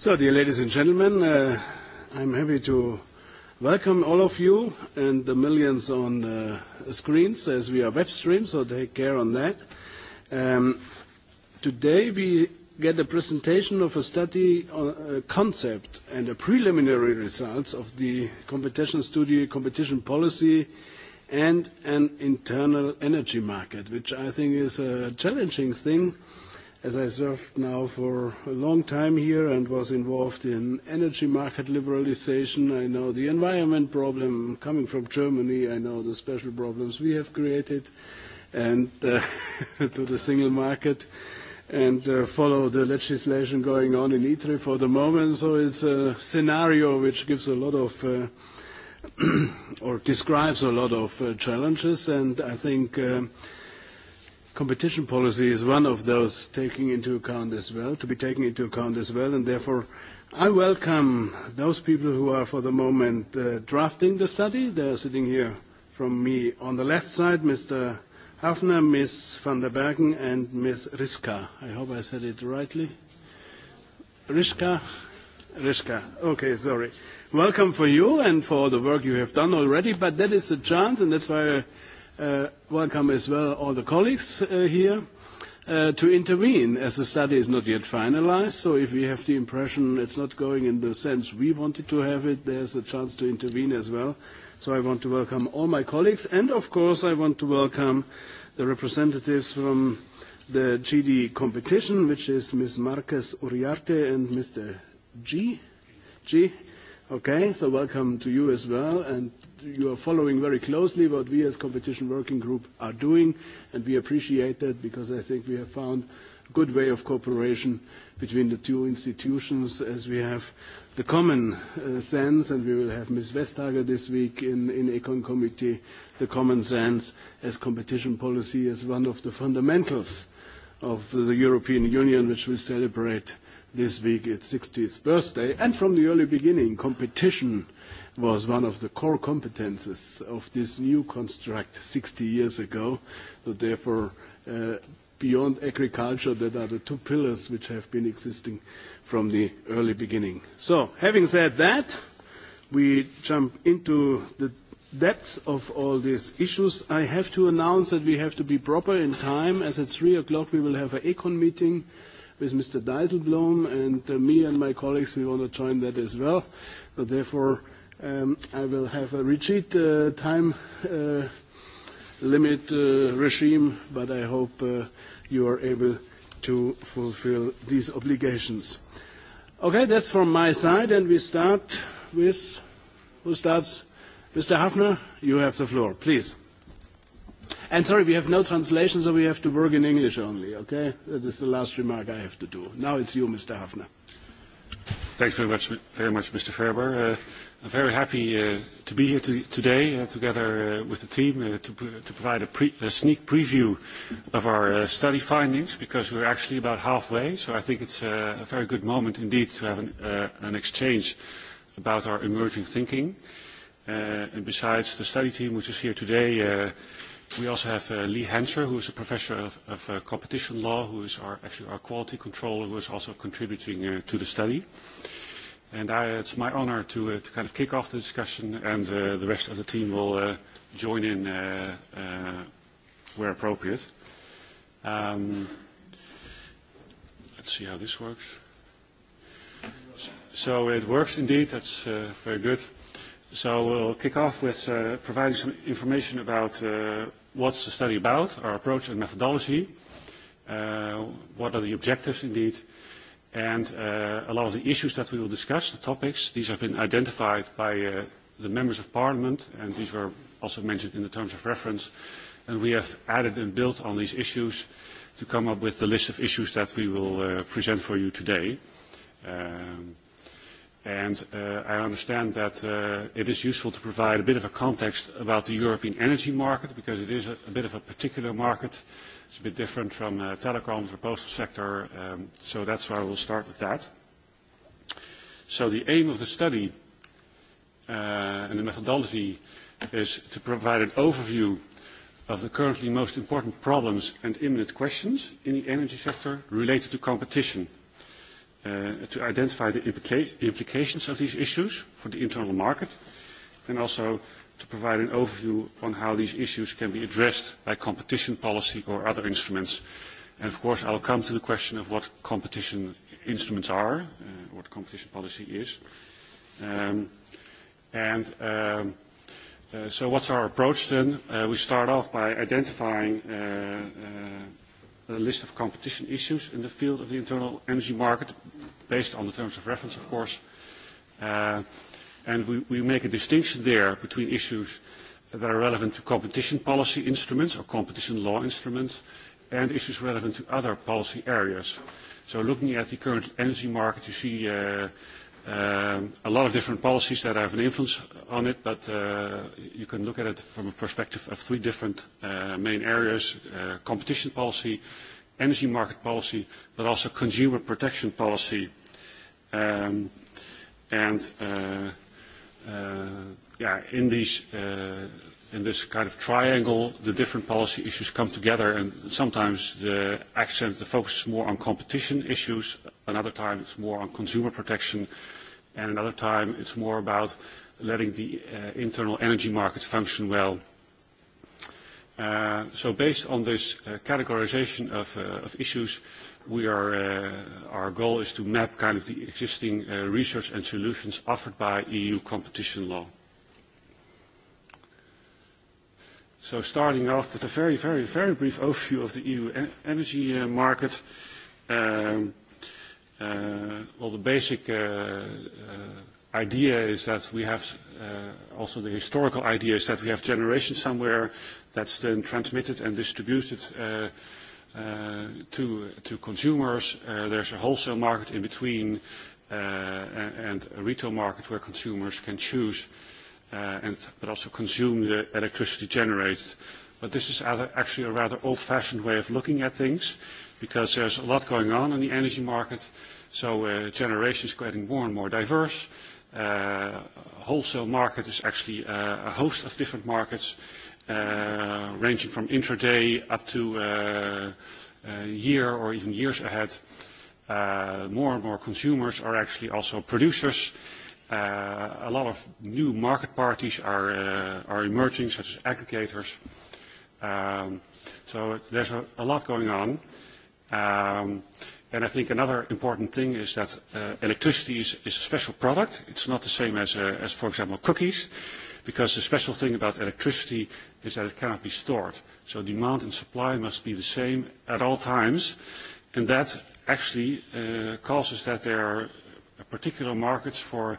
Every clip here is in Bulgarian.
So, dear ladies and gentlemen, uh, I'm happy to welcome all of you and the millions on the screens as we are web stream, so take care on that. Um, today we get a presentation of a study a concept and the preliminary results of the competition study, competition policy, and an internal energy market, which I think is a challenging thing as I served now for a long time here and was involved in energy market liberalization, I know the environment problem. Coming from Germany, I know the special problems we have created and uh, to the single market and uh, follow the legislation going on in ITRE for the moment. So it's a scenario which gives a lot of uh, or describes a lot of uh, challenges and I think uh, competition policy is one of those taking into account as well, to be taken into account as well, and therefore I welcome those people who are for the moment uh, drafting the study. They are sitting here from me on the left side, Mr. Hafner, Ms. van der Bergen, and Ms. Riska. I hope I said it rightly. Riska? Riska. Okay, sorry. Welcome for you and for the work you have done already, but that is a chance, and that's why I welcome as well all the colleagues here to intervene as the study is not yet finalized. So if we have the impression it's not going in the sense we wanted to have it, there's a chance to intervene as well. So I want to welcome all my colleagues. And of course, I want to welcome the representatives from the GD Competition, which is Ms. Marquez Uriarte and Mr. G. G. Okay, so welcome to you as well, and you are following very closely what we as Competition Working Group are doing, and we appreciate that because I think we have found a good way of cooperation between the two institutions as we have the common sense, and we will have Ms. Vestager this week in in Econ Committee, the common sense as competition policy is one of the fundamentals of the European Union, which we celebrate this week its 60th birthday. And From the early beginning, competition was one of the core competences of this new construct 60 years ago. So therefore, uh, beyond agriculture, that are the two pillars which have been existing from the early beginning. So having said that, we jump into the depth of all these issues. I have to announce that we have to be proper in time, as at three o'clock we will have an ECON meeting with Mr. Dijsselbloem, and uh, me and my colleagues, we want to join that as well. So therefore, I will have a uh time limit regime, but I hope uh you are able to fulfill these obligations. Okay, that's from my side, and we start with who starts? Mr. Hafner, you have the floor, please. And sorry, we have no translation, so we have to work in English only, okay? That is the last remark I have to do. Now it's you, Mr. Hafner. Thanks very much, very much Mr. Ferber. Uh, I'm very happy uh, to be here to, today uh, together uh, with the team uh, to, pr to provide a, pre a sneak preview of our uh, study findings because we're actually about halfway. So I think it's uh, a very good moment indeed to have an, uh, an exchange about our emerging thinking. Uh, and besides the study team, which is here today, uh, we also have uh, Lee Hanser, who is a professor of, of uh, competition law, who is our, actually our quality controller, who is also contributing uh, to the study. Uh, And I, it's my honor to, uh, to kind of kick off the discussion, and uh, the rest of the team will uh, join in uh, uh, where appropriate. Um, let's see how this works. So it works indeed. That's uh, very good. So we'll kick off with uh, providing some information about uh, what's the study about, our approach and methodology, uh, what are the objectives indeed, And uh, a lot of the issues that we will discuss, the topics, these have been identified by uh, the members of parliament, and these were also mentioned in the terms of reference. And we have added and built on these issues to come up with the list of issues that we will uh, present for you today. Um, and uh, I understand that uh, it is useful to provide a bit of a context about the European energy market, because it is a, a bit of a particular market. Uh, It's a bit different from uh, telecoms or postal sector, um, so that's why we'll start with that. So the aim of the study uh, and the methodology is to provide an overview of the currently most important problems and imminent questions in the energy sector related to competition, to identify the implications of these issues for the internal market, and also to provide an overview on how these issues can be addressed by competition policy or other instruments. And of course, I'll come to the question of what competition instruments are, uh, what competition policy is. Um, and um, uh, so what's our approach then? Uh, we start off by identifying uh, uh, a list of competition issues in the field of the internal energy market, based on the terms of reference, of course. Uh, And we, we make a distinction there between issues that are relevant to competition policy instruments or competition law instruments and issues relevant to other policy areas. So looking at the current energy market, you see uh, um, a lot of different policies that have an influence on it, but uh, you can look at it from a perspective of three different uh, main areas, uh, competition policy, energy market policy, but also consumer protection policy. Um, and uh, yeah, in these in this kind of triangle, the different policy issues come together, and sometimes the accent, the focus is more on competition issues. Another time, it's more on consumer protection, and another time, it's more about letting the uh, internal energy market function well. Uh, so, based on this uh, categorization of, uh, of issues, we are, uh our goal is to map kind of the existing uh research and solutions offered by EU competition law. So starting off with a very, very, very brief overview of the EU energy uh market. Um uh Well, the basic uh idea is that we have uh also the historical idea is that we have generation somewhere that's then transmitted and distributed uh to consumers. There's a wholesale market in between and a retail market where consumers can choose and but also consume the electricity generated. But this is actually a rather old-fashioned way of looking at things because there's a lot going on in the energy market. So uh, generation is getting more and more diverse. Uh, wholesale market is actually uh, a host of different markets uh, ranging from intraday up to uh, a year or even years ahead. Uh, more and more consumers are actually also producers. Uh, a lot of new market parties are, uh, are emerging, such as aggregators. Um, so there's a, a lot going on. Um, and I think another important thing is that uh, electricity is, is a special product. It's not the same as, uh, as for example, cookies. Because the special thing about electricity is that it cannot be stored. So demand and supply must be the same at all times. And that actually uh, causes that there are particular markets for,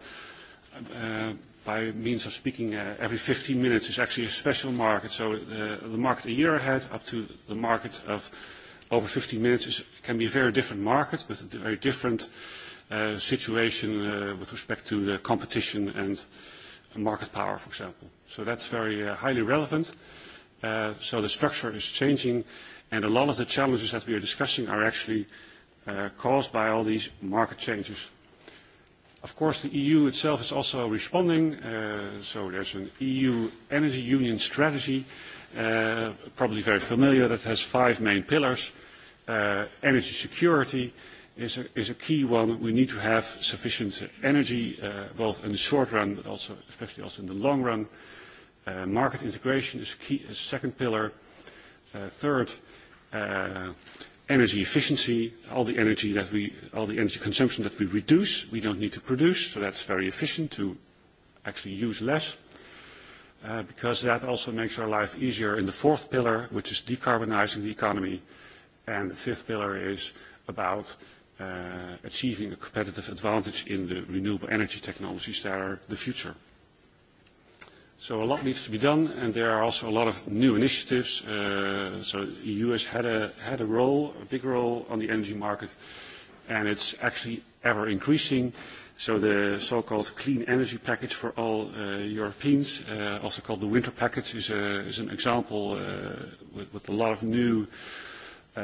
uh, by means of speaking, uh, every 15 minutes is actually a special market. So uh, the market a year ahead up to the market of over 15 minutes is, can be a very different market with a very different uh, situation uh, with respect to the competition and uh, market power, for example. So that's very uh, highly relevant. Uh, so the structure is changing, and a lot of the challenges that we are discussing are actually uh, caused by all these market changes. Of course, the EU itself is also responding. Uh, so there's an EU energy union strategy, uh, probably very familiar, that has five main pillars: uh, energy security, uh, is a, is a key one. We need to have sufficient energy, uh, both in the short run, but also especially also in the long run. Uh, market integration is a key, is a second pillar. Uh, third, uh, energy efficiency. All the energy that we, all the energy consumption that we reduce, we don't need to produce, so that's very efficient to actually use less. Uh, because that also makes our life easier in the fourth pillar, which is decarbonizing the economy. And the fifth pillar is about uh, achieving a competitive advantage in the renewable energy technologies that are the future. So a lot needs to be done, and there are also a lot of new initiatives. Uh, so the EU has had a, had a role, a big role on the energy market, and it's actually ever increasing. So the so-called clean energy package for all uh, Europeans, uh, also called the winter package, is, a, is an example uh, with, with a lot of new uh,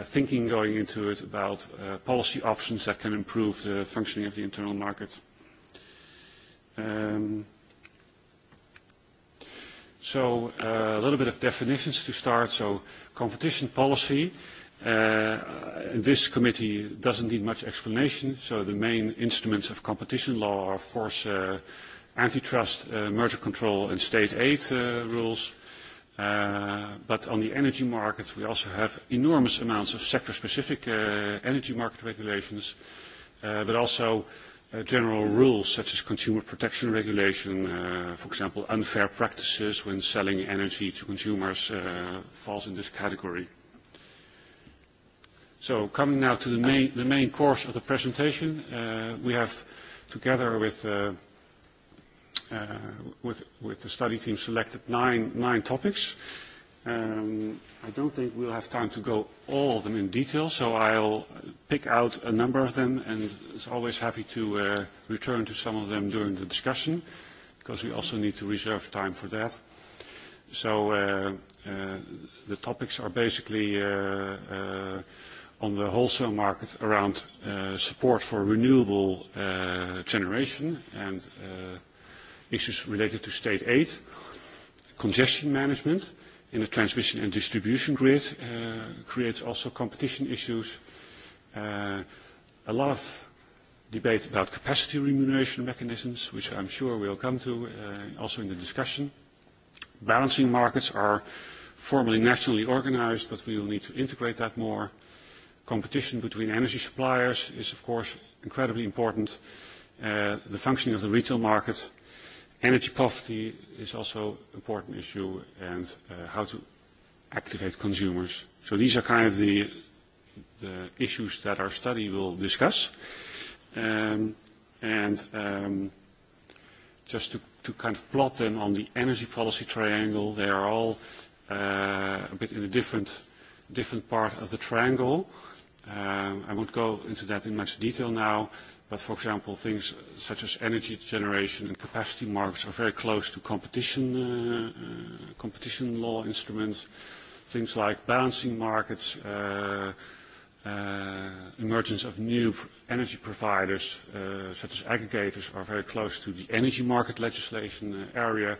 thinking going into it about policy options that can improve the functioning of the internal market. So a little bit of definitions to start. So competition policy, this committee doesn't need much explanation. So the main instruments of competition law are, of course, antitrust, merger control, and state aid rules But on the energy market, we also have enormous amounts of sector-specific energy market regulations, but also general rules such as consumer protection regulation, for example, unfair practices when selling energy to consumers falls in this category. So coming now to the main course of the presentation, we have, together with uh, with, with the study team selected nine, nine topics. Um, I don't think we'll have time to go all of them in detail, so I'll pick out a number of them, and it's always happy to uh, return to some of them during the discussion, because we also need to reserve time for that. So uh, uh, the topics are basically uh, uh, on the wholesale market around uh, support for renewable uh, generation and uh, issues related to state aid, congestion management in the transmission and distribution grid creates also competition issues. A lot of debate about capacity remuneration mechanisms, which I'm sure we'll come to also in the discussion. Balancing markets are formally nationally organized, but we will need to integrate that more. Competition between energy suppliers is, of course, incredibly important. The functioning of the retail market Energy poverty is also an important issue and uh, how to activate consumers. So these are kind of the, the issues that our study will discuss. Um, and um, just to, to kind of plot them on the energy policy triangle, they are all uh, a bit in a different, different part of the triangle. Um, I won't go into that in much detail now. But for example, things such as energy generation and capacity markets are very close to competition, competition law instruments. Things like balancing markets, emergence of new energy providers such as aggregators are very close to the energy market legislation area.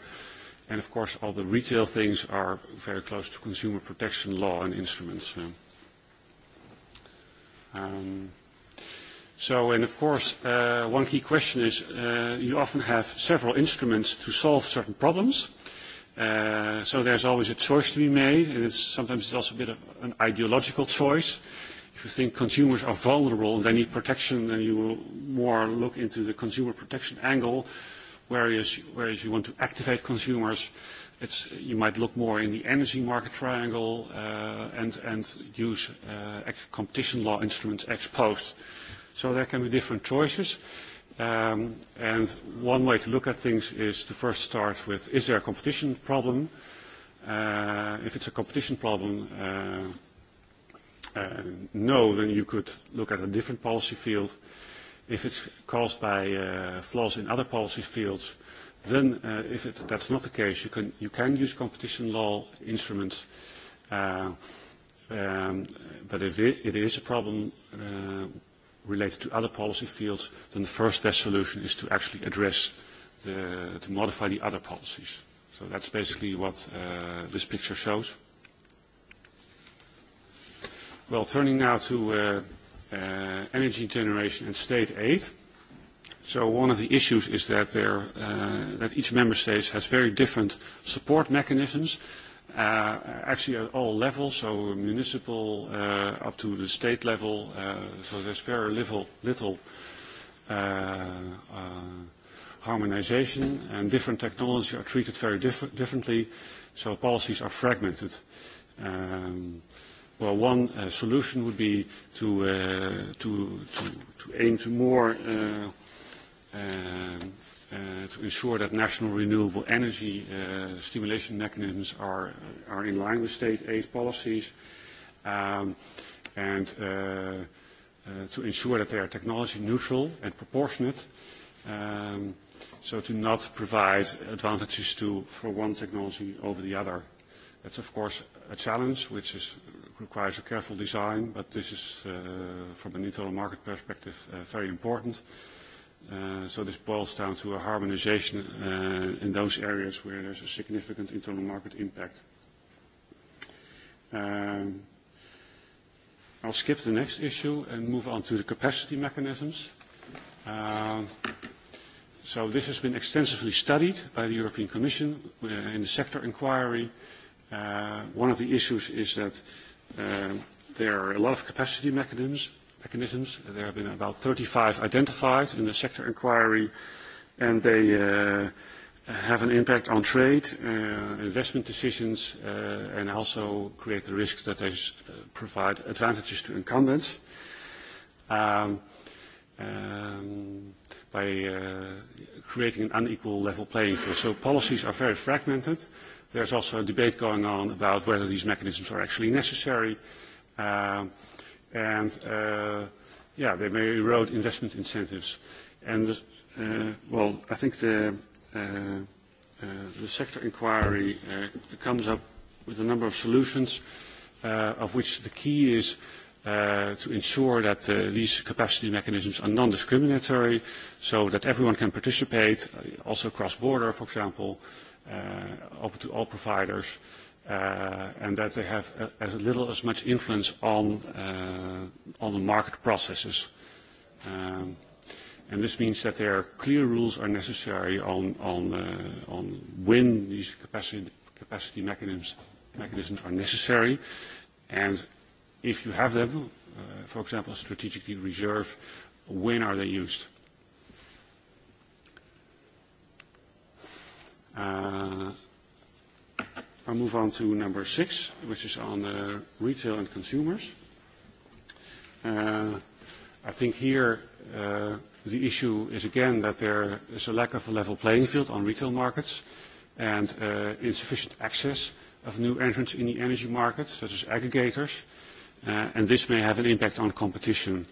And of course, all the retail things are very close to consumer protection law and instruments. Um, So, and of course, uh, one key question is uh, you often have several instruments to solve certain problems. Uh, so there's always a choice to be made, and it's, sometimes it's also a bit of an ideological choice. If you think consumers are vulnerable and they need protection, then you will more look into the consumer protection angle, whereas, whereas you want to activate consumers it's you might look more in the energy market triangle uh and and use uh competition law instruments ex post. So there can be different choices. Um, and one way to look at things is to first start with, is there a competition problem? Uh, if it's a competition problem, uh, uh, no, then you could look at a different policy field. If it's caused by uh, flaws in other policy fields, then uh, if it, that's not the case, you can, you can use competition law instruments. Uh, um, but if it, it is a problem, uh, related to other policy fields, then the first best solution is to actually address, the, to modify the other policies. So that's basically what uh, this picture shows. Well, turning now to uh, uh, energy generation and state aid. So one of the issues is that, there, uh, that each member state has very different support mechanisms actually at all levels, so municipal up to the state level. So there's very little little harmonization, and different technologies are treated very differently, so policies are fragmented. Well, one solution would be to aim to more to ensure that national renewable energy uh stimulation mechanisms are are in line with state aid policies, and to ensure that they are technology neutral and proportionate, so to not provide advantages to for one technology over the other. That's, of course, a challenge which is requires a careful design, but this is, from an internal market perspective, very important so this boils down to a harmonization uh, in those areas where there's a significant internal market impact. Um, I'll skip the next issue and move on to the capacity mechanisms. so this has been extensively studied by the European Commission in the sector inquiry. Uh, one of the issues is that uh, there are a lot of capacity mechanisms mechanisms. There have been about 35 identified in the sector inquiry, and they uh, have an impact on trade, uh, investment decisions, uh, and also create the risk that they uh, provide advantages to incumbents. Um, um, by uh, creating an unequal level playing field. So policies are very fragmented. There's also a debate going on about whether these mechanisms are actually necessary. uh, and uh, yeah, they may erode investment incentives. And uh, well, I think the uh, uh, the sector inquiry uh, comes up with a number of solutions, uh, of which the key is uh, to ensure that uh, these capacity mechanisms are non-discriminatory, so that everyone can participate, also cross-border, for example, uh, open to all providers and that they have as little as much influence on the market processes. And This means that there are clear rules are necessary on when these capacity mechanisms are necessary. and If you have them, for example, strategically reserved, when are they used? I move on to number six, which is on uh, retail and consumers. Uh, I think here uh, the issue is again that there is a lack of a level playing field on retail markets and uh, insufficient access of new entrants in the energy market, such as aggregators, uh, and this may have an impact on competition.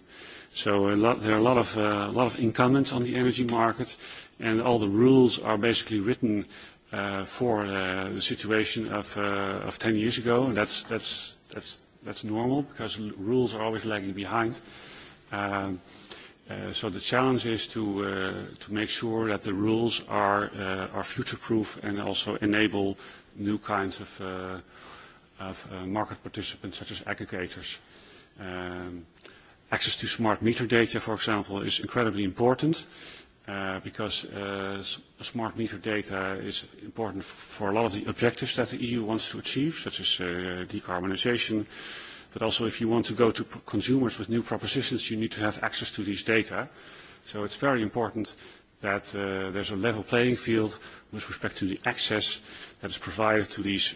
So a lot, there are a lot of, uh, lot of incumbents on the energy market, and all the rules are basically written for the situation of, uh, of 10 years ago. And that's, that's, that's, that's normal because rules are always lagging behind. Um, uh, so the challenge is to, uh, to make sure that the rules are, uh, are future-proof and also enable new kinds of, uh, of uh, market participants such as aggregators. Um, access to smart meter data, for example, is incredibly important. Uh, because smart meter data is important for a lot of the objectives that the EU wants to achieve, such as decarbonisation. But also, if you want to go to consumers with new propositions, you need to have access to these data. So it's very important that there's a level playing field with respect to the access that is provided to these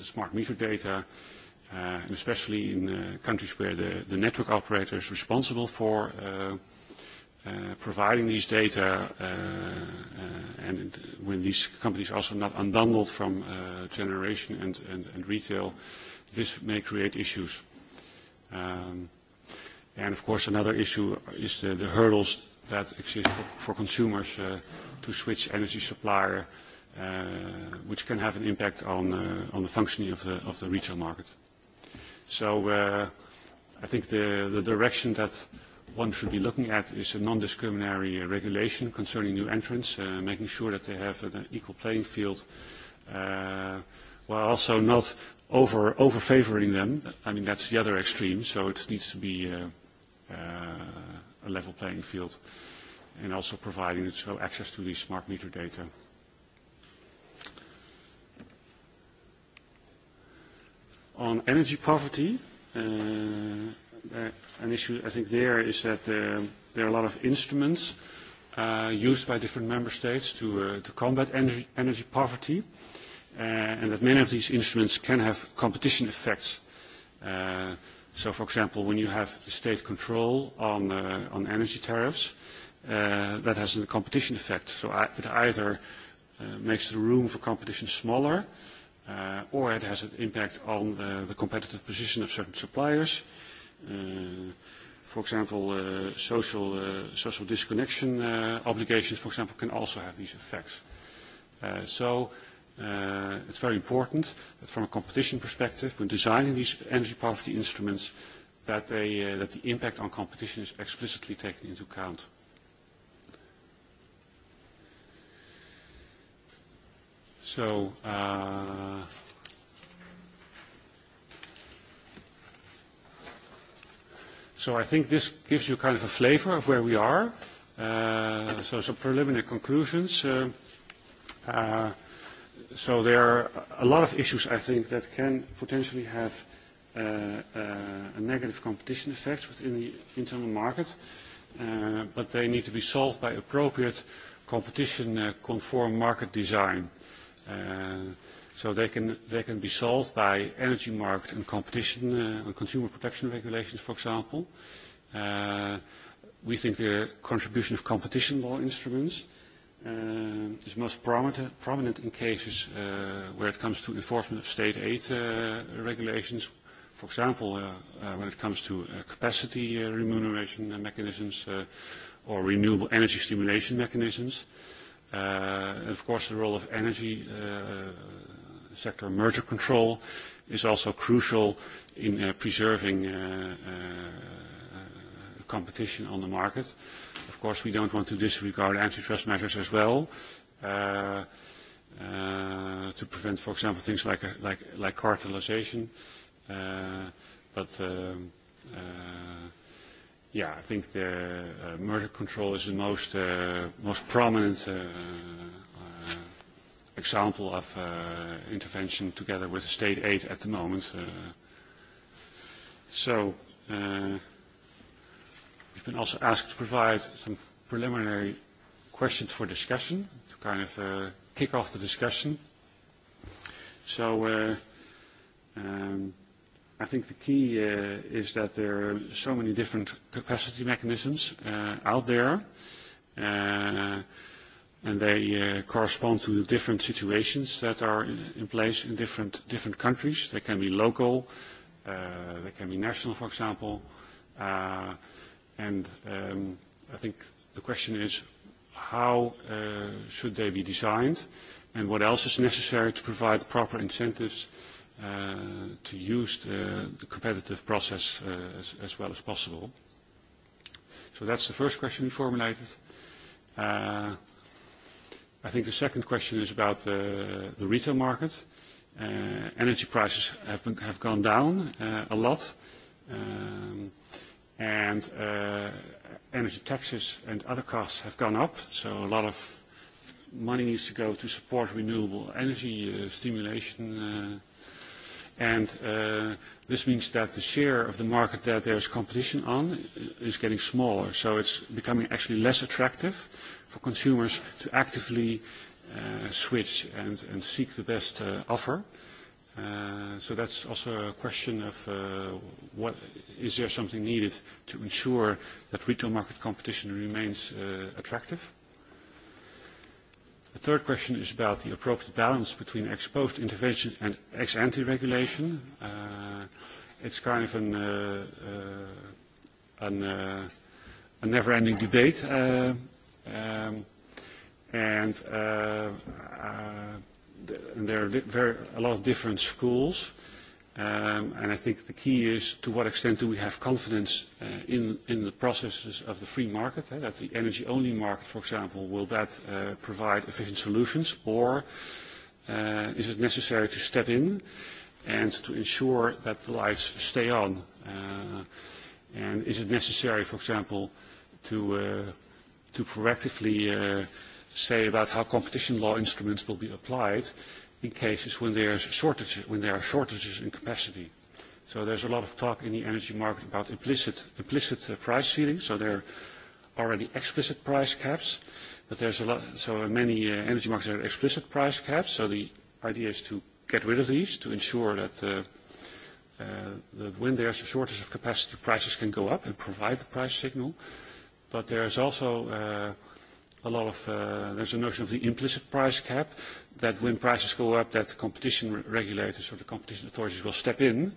smart meter data, and especially in countries where the network operator is responsible for providing these data, uh uh and when these companies also not unbundled from uh generation and and and retail, this may create issues. Um And of course, another issue is the the hurdles that exist for for consumers uh to switch energy supplier, uh which can have an impact on uh on the functioning of the of the retail market. So, uh I think the direction that one should be looking at is a non-discriminatory regulation concerning new entrants, uh, making sure that they have an equal playing field, uh, while also not over over favoring them. I mean, that's the other extreme. So it needs to be uh, uh, a level playing field, and also providing so access to these smart meter data. On energy poverty. Uh, an issue I think there is that there are a lot of instruments used by different member states to combat energy poverty, and that many of these instruments can have competition effects. So, for example, when you have state control on energy tariffs, that has a competition effect. So it either makes the room for competition smaller, or it has an impact on the competitive position of certain suppliers, for example, uh, social, uh, social disconnection uh, obligations, for example, can also have these effects. Uh, so uh, it's very important that from a competition perspective, when designing these energy poverty instruments, that, they, uh, that the impact on competition is explicitly taken into account. So, uh, So I think this gives you kind of a flavor of where we are. so some preliminary conclusions. so there are a lot of issues, I think, that can potentially have a negative competition effect within the internal market, but they need to be solved by appropriate competition-conform market design. So they can, they can be solved by energy market and competition uh, and consumer protection regulations, for example. Uh, we think the contribution of competition law instruments uh, is most prominent, prominent in cases uh, where it comes to enforcement of state aid uh, regulations, for example, uh, uh, when it comes to uh, capacity uh, remuneration mechanisms uh, or renewable energy stimulation mechanisms. Uh, and of course, the role of energy uh, sector merger control is also crucial in uh, preserving uh, uh, competition on the market. Of course, we don't want to disregard antitrust measures as well. Uh, uh, to prevent, for example, things like, like, like cartelization. Uh, but um, uh, yeah, I think the uh, merger control is the most, uh, most prominent uh, example of uh, intervention together with state aid at the moment. Uh, so uh, we've been also asked to provide some preliminary questions for discussion to kind of uh, kick off the discussion. So uh, um, I think the key uh, is that there are so many different capacity mechanisms uh, out there. Uh, and they uh correspond to the different situations that are in place in different different countries. They can be local, uh, they can be national, for example. Uh, and um, I think the question is, how uh, should they be designed, and what else is necessary to provide proper incentives uh, to use the, the competitive process uh, as, as well as possible. So that's the first question we formulated. Uh, I think the second question is about the retail market. Energy prices have gone down a lot. And energy taxes and other costs have gone up, so a lot of money needs to go to support renewable energy stimulation And this means that the share of the market that there's competition on is getting smaller. So it's becoming actually less attractive for consumers to actively switch and and seek the best offer. So that's also a question of what is there something needed to ensure that retail market competition remains attractive? The third question is about the appropriate balance between ex-post intervention and ex-ante regulation. It's kind of an an uh uh a never-ending debate. uh um And there are a lot of different schools. And I think the key is to what extent do we have confidence in the processes of the free market, that the energy-only market, for example, will that provide efficient solutions, or is it necessary to step in and to ensure that the lights stay on? And is it necessary, for example, to proactively say about how competition law instruments will be applied in cases when there's shortages, when there are shortages in capacity. So there's a lot of talk in the energy market about implicit, implicit price ceilings. So there are already explicit price caps, but there's a lot. So in many uh, energy markets there are explicit price caps. So the idea is to get rid of these to ensure that. Uh, that when there's a shortage of capacity, prices can go up and provide the price signal. But there is also uh, a lot of, uh, there's a notion of the implicit price cap that when prices go up, that competition regulators or the competition authorities will step in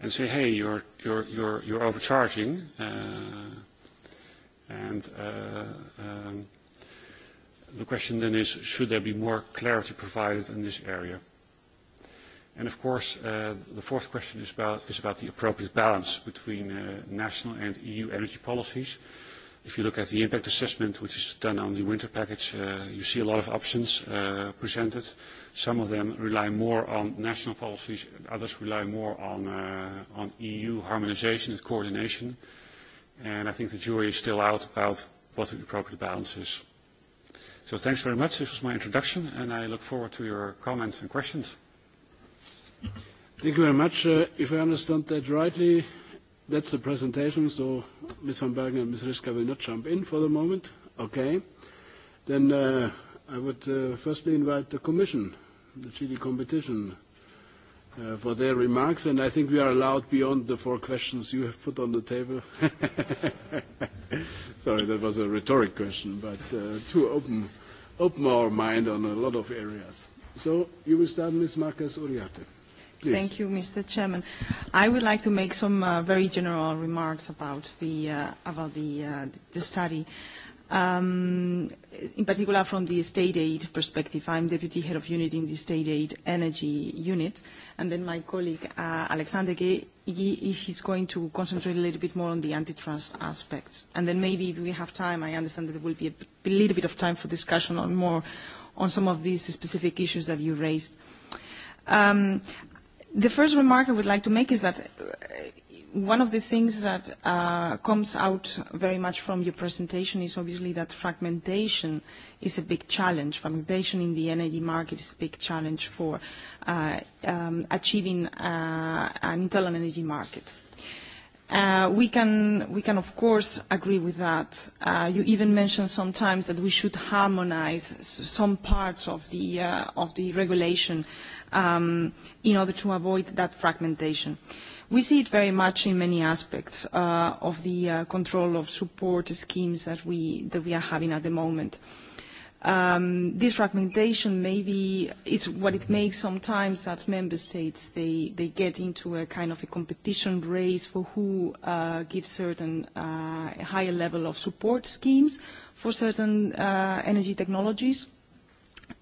and say, "Hey, you're you're you're you're overcharging." And the question then is, should there be more clarity provided in this area? And of course, uh the fourth question is about is about the appropriate balance between uh national and EU energy policies. Uh, If you look at the impact assessment, which is done on the winter package, uh, you see a lot of options uh, presented. Some of them rely more on national policies, others rely more on, uh, on EU harmonization and coordination. And I think the jury is still out about what the appropriate balance is. So thanks very much. This was my introduction, and I look forward to your comments and questions. Thank you very much. Uh, if I understand that rightly, That's the presentation, so Ms. van Bergen and Ms. Riska will not jump in for the moment. Okay. Then uh, I would uh, firstly invite the Commission, the Chile Competition, uh, for their remarks, and I think we are allowed beyond the four questions you have put on the table. Sorry, that was a rhetoric question, but uh, to open, open our mind on a lot of areas. So you will start, Ms. Marquez Uriarte. Please. Thank you, Mr. Chairman. I would like to make some uh, very general remarks about the, uh, about the, uh, the study. Um, in particular from the state aid perspective. I'm deputy head of unit in the state aid energy unit, and then my colleague uh, Alexander Ge is going to concentrate a little bit more on the antitrust aspects. And then maybe if we have time, I understand that there will be a little bit of time for discussion on more on some of these specific issues that you raised. Um, The first remark I would like to make is that one of the things that uh, comes out very much from your presentation is obviously that fragmentation is a big challenge. Fragmentation in the energy market is a big challenge for uh, um, achieving uh, an internal energy market. Uh, we can, we can of course agree with that. Uh, you even mentioned sometimes that we should harmonize some parts of the, uh, of the regulation um, in order to avoid that fragmentation. We see it very much in many aspects uh, of the uh, control of support schemes that we, that we are having at the moment. Um, this fragmentation maybe is what it makes sometimes that member states, they, they get into a kind of a competition race for who uh, gives certain uh, higher level of support schemes for certain uh, energy technologies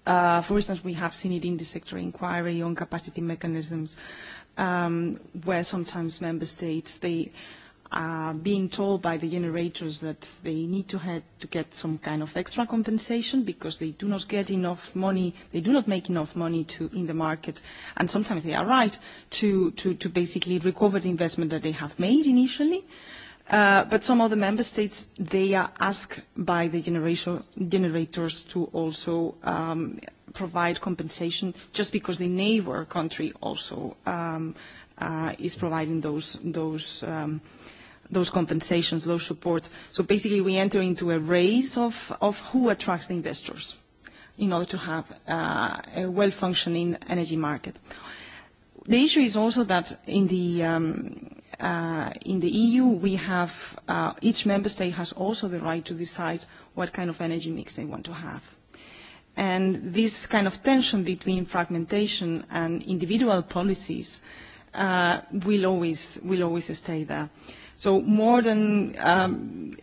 Uh, for instance, we have seen it in the sector inquiry on capacity mechanisms, um, where sometimes member states, they are being told by the generators that they need to, have to get some kind of extra compensation because they do not get enough money, they do not make enough money to, in the market, and sometimes they are right, to, to, to basically recover the investment that they have made initially. Uh, but some of the member states, they are asked by the generators to also um, provide compensation just because the neighbor country also um, uh, is providing those, those, um, those compensations, those supports. So basically we enter into a race of, of who attracts the investors in order to have uh, a well-functioning energy market. The issue is also that in the um, Uh, in the EU, we have uh, each member state has also the right to decide what kind of energy mix they want to have. And this kind of tension between fragmentation and individual policies uh, will always will always stay there. Uh, So more than um,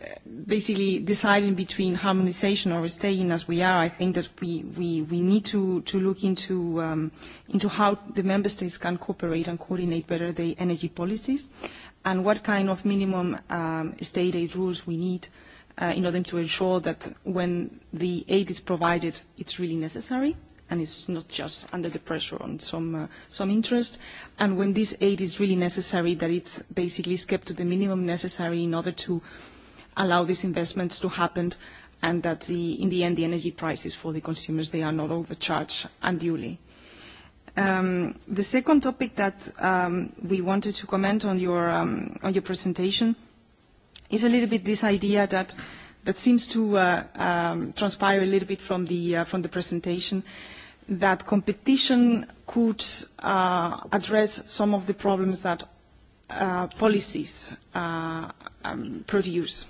basically deciding between harmonization or staying as we are, I think that we, we, we need to, to look into, um, into how the member states can cooperate and coordinate better the energy policies and what kind of minimum um, state aid rules we need uh, in order to ensure that when the aid is provided, it's really necessary and it's not just under the pressure on some, uh, some interest. And when this aid is really necessary, that it's basically is kept to the minimum necessary in order to allow these investments to happen and that the, in the end the energy prices for the consumers, they are not overcharged unduly. Um, the second topic that um, we wanted to comment on your, um, on your presentation is a little bit this idea that, that seems to uh, um, transpire a little bit from the, uh, from the presentation, uh, that competition could uh, address some of the problems that uh, policies uh, um, produce.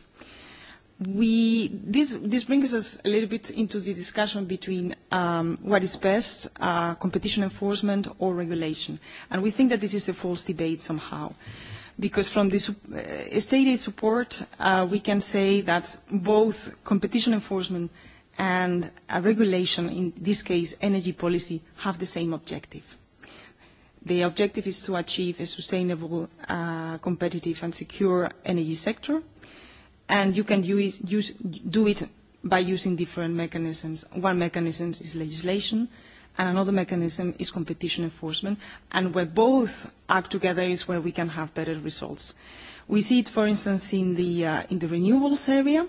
We, this, this brings us a little bit into the discussion between um, what is best, uh, competition enforcement or regulation. And we think that this is a false debate somehow. Because from the uh, state aid support, uh, we can say that both competition enforcement and a regulation, in this case energy policy, have the same objective. The objective is to achieve a sustainable, uh, competitive and secure energy sector, and you can use, use, do it by using different mechanisms. One mechanism is legislation, and another mechanism is competition enforcement, and where both act together is where we can have better results. We see it, for instance, in the, uh, in the renewables area,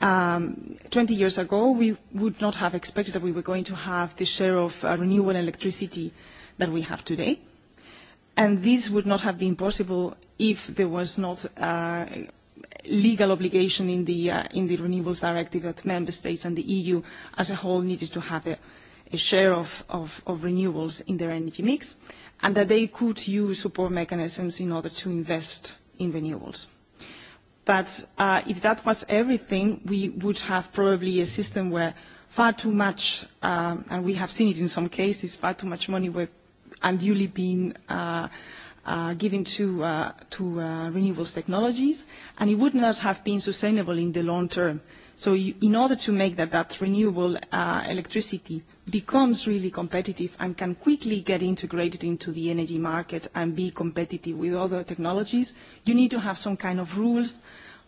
um, 20 years ago, we would not have expected that we were going to have the share of uh, renewable electricity that we have today. And this would not have been possible if there was not a legal obligation in the, uh, in the Renewables Directive that member states and the EU as a whole needed to have a, a share of, of, of renewables in their energy mix, and that they could use support mechanisms in order to invest in renewables that uh, if that was everything, we would have probably a system where far too much, um, and we have seen it in some cases, far too much money were unduly being uh, uh, given to, uh, to uh, renewables technologies, and it would not have been sustainable in the long term. Uh, So in order to make that, that renewable uh, electricity becomes really competitive and can quickly get integrated into the energy market and be competitive with other technologies, you need to have some kind of rules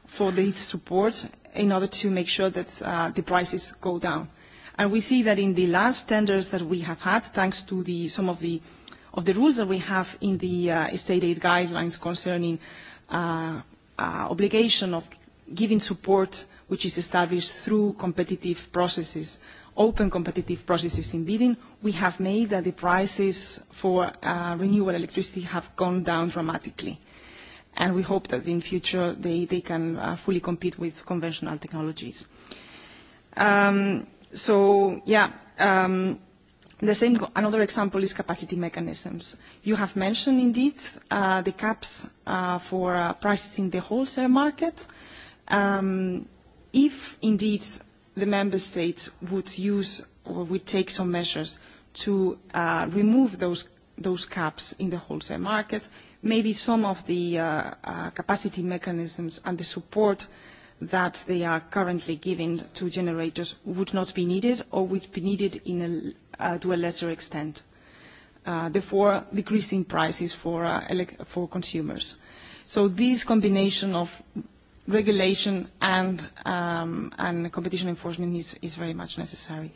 for this support in order to make sure that uh, the prices go down. And we see that in the last tenders that we have had, thanks to the, some of the, of the rules that we have in the uh, state aid guidelines concerning uh, uh, obligation of giving support which is established through competitive processes, open competitive processes in bidding, we have made that the prices for uh, renewable electricity have gone down dramatically. And we hope that in future they, they can uh, fully compete with conventional technologies. Um, so, yeah, um, the same, another example is capacity mechanisms. You have mentioned indeed uh, the caps uh, for uh, prices in the wholesale market. Uh, Um, if indeed the member states would use or would take some measures to uh, remove those, those caps in the wholesale market, maybe some of the uh, uh, capacity mechanisms and the support that they are currently giving to generators would not be needed or would be needed in a, uh, to a lesser extent, uh, therefore decreasing prices for, uh, elec for consumers. So this combination of regulation and, competition enforcement is, is very much necessary.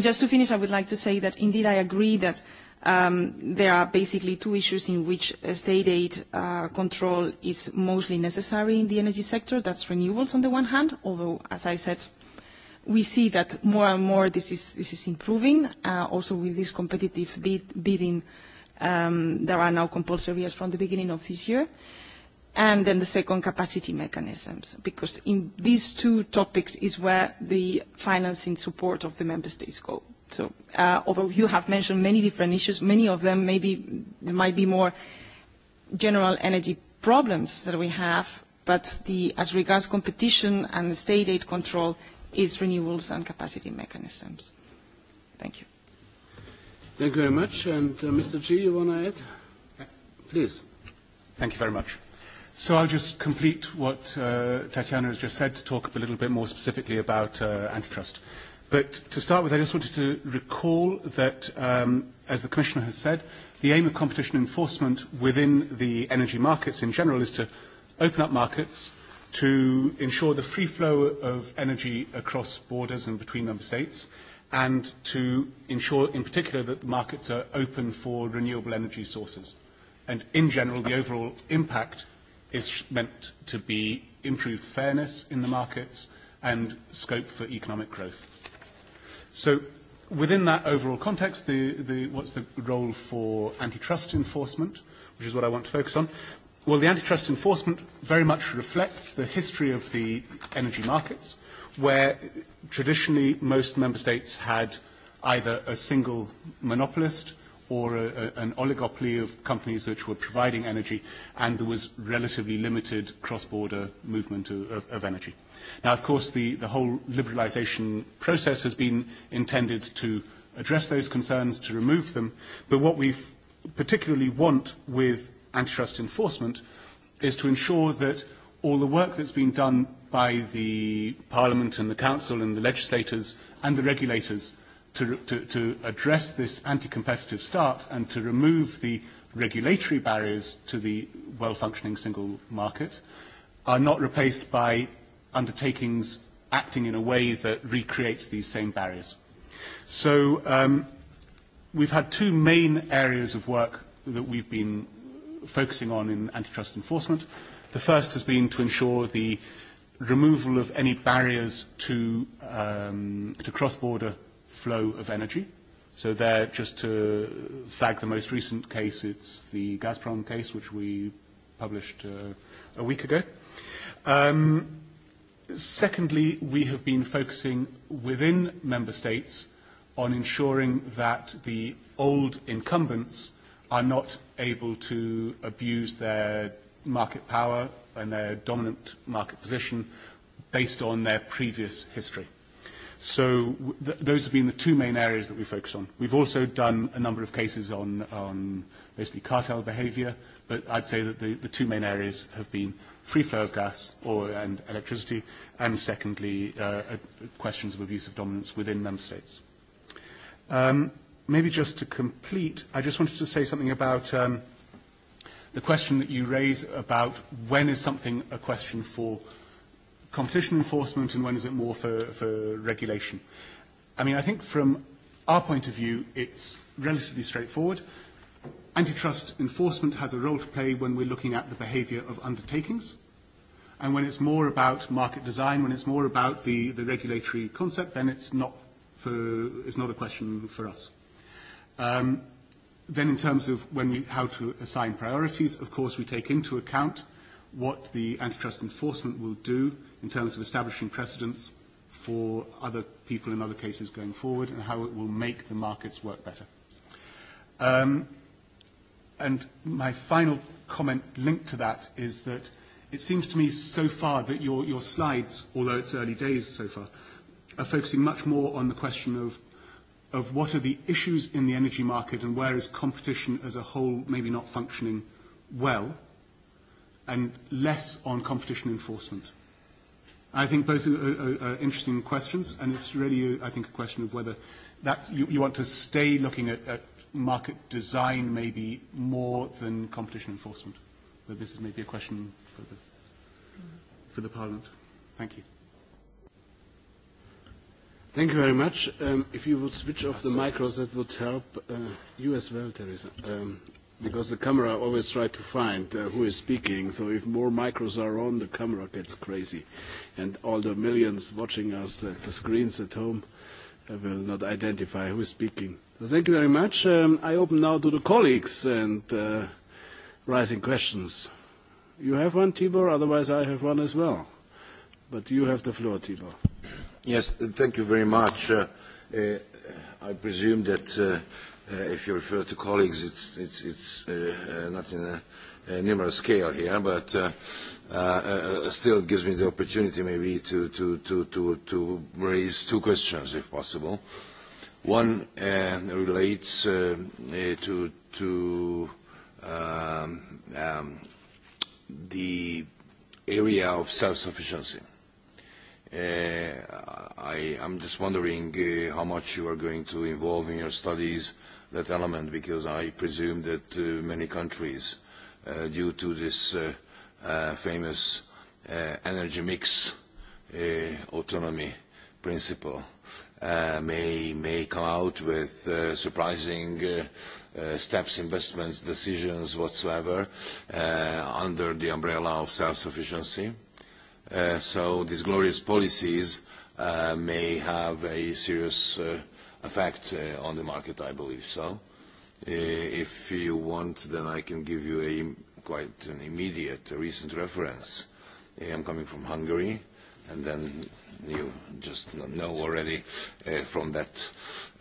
just to finish, I would like to say that indeed I agree that there are basically two issues in which state aid control is mostly necessary in the energy sector. That's renewables on the one hand, although, as I said, we see that more and more this is, this is improving. also with this competitive bidding, there are now compulsory as from the beginning of this year and then the second, capacity mechanisms, because in these two topics is where the financing support of the member states go. So, uh, although you have mentioned many different issues, many of them maybe there might be more general energy problems that we have, but the, as regards competition and state aid control is renewables and capacity mechanisms. Thank you. Thank you very much. And uh, Mr. G, you want to add? Please. Thank you very much. So I'll just complete what uh, Tatiana has just said to talk a little bit more specifically about uh, antitrust. But to start with, I just wanted to recall that, um, as the Commissioner has said, the aim of competition enforcement within the energy markets in general is to open up markets to ensure the free flow of energy across borders and between member states, and to ensure in particular that the markets are open for renewable energy sources. And in general, the overall impact is meant to be improved fairness in the markets and scope for economic growth. So within that overall context, the, the, what's the role for antitrust enforcement, which is what I want to focus on? Well, the antitrust enforcement very much reflects the history of the energy markets, where traditionally most member states had either a single monopolist or a, an oligopoly of companies which were providing energy, and there was relatively limited cross-border movement of, of energy. Now, of course, the, the whole liberalisation process has been intended to address those concerns, to remove them, but what we particularly want with antitrust enforcement is to ensure that all the work that's been done by the Parliament and the Council and the legislators and the regulators to, to, to address this anti-competitive start and to remove the regulatory barriers to the well-functioning single market are not replaced by undertakings acting in a way that recreates these same barriers. So we've had two main areas of work that we've been focusing on in antitrust enforcement. The first has been to ensure the removal of any barriers to cross-border flow of energy. So there, just to flag the most recent case, it's the Gazprom case, which we published uh, a week ago. Um, secondly, we have been focusing within member states on ensuring that the old incumbents are not able to abuse their market power and their dominant market position based on their previous history. So th those have been the two main areas that we focus on. We've also done a number of cases on, on basically cartel behavior, but I'd say that the, the two main areas have been free flow of gas or, and electricity, and secondly, uh, questions of abuse of dominance within member states. Um, maybe just to complete, I just wanted to say something about um, the question that you raise about when is something a question for competition enforcement and when is it more for, for regulation? I mean, I think from our point of view, it's relatively straightforward. Antitrust enforcement has a role to play when we're looking at the behaviour of undertakings. And when it's more about market design, when it's more about the, the regulatory concept, then it's not, for, it's not a question for us. Um, then in terms of when we, how to assign priorities, of course, we take into account what the antitrust enforcement will do in terms of establishing precedents for other people in other cases going forward and how it will make the markets work better. Um, and my final comment linked to that is that it seems to me so far that your, your slides, although it's early days so far, are focusing much more on the question of, of what are the issues in the energy market and where is competition as a whole maybe not functioning well – and less on competition enforcement? I think both are, are, are interesting questions, and it's really, I think, a question of whether that's, you, you want to stay looking at, at market design maybe more than competition enforcement. But this is maybe a question for the, for the Parliament. Thank you. Thank you very much. Um, if you would switch off the micros, that would help uh, you as well, Teresa. Um, because the camera always try to find uh, who is speaking. So if more micros are on, the camera gets crazy, and all the millions watching us at the screens at home uh, will not identify who is speaking. So thank you very much. Um, I open now to the colleagues and uh, rising questions. You have one, Tibor. Otherwise, I have one as well. But you have the floor, Tibor. Yes, thank you very much. Uh, uh, I presume that. Uh, if you refer to colleagues, it's, it's, it's uh, not in a, a numerous scale here, but uh, uh, still it gives me the opportunity maybe to, to, to, to, to raise two questions, if possible. One uh, relates uh, to, to um, um, the area of self-sufficiency. Uh, I, I'm just wondering uh, how much you are going to involve in your studies uh, that element because I presume that uh, many countries, uh, due to this uh, uh, famous uh, energy mix uh, autonomy principle, uh, may, may come out with uh, surprising uh, uh, steps, investments, decisions whatsoever uh, under the umbrella of self-sufficiency. Uh, so these glorious policies uh, may have a serious uh, effect uh, on the market, I believe so. Uh, if you want, then I can give you a quite an immediate, recent reference. I'm coming from Hungary, and then you just know already uh, from that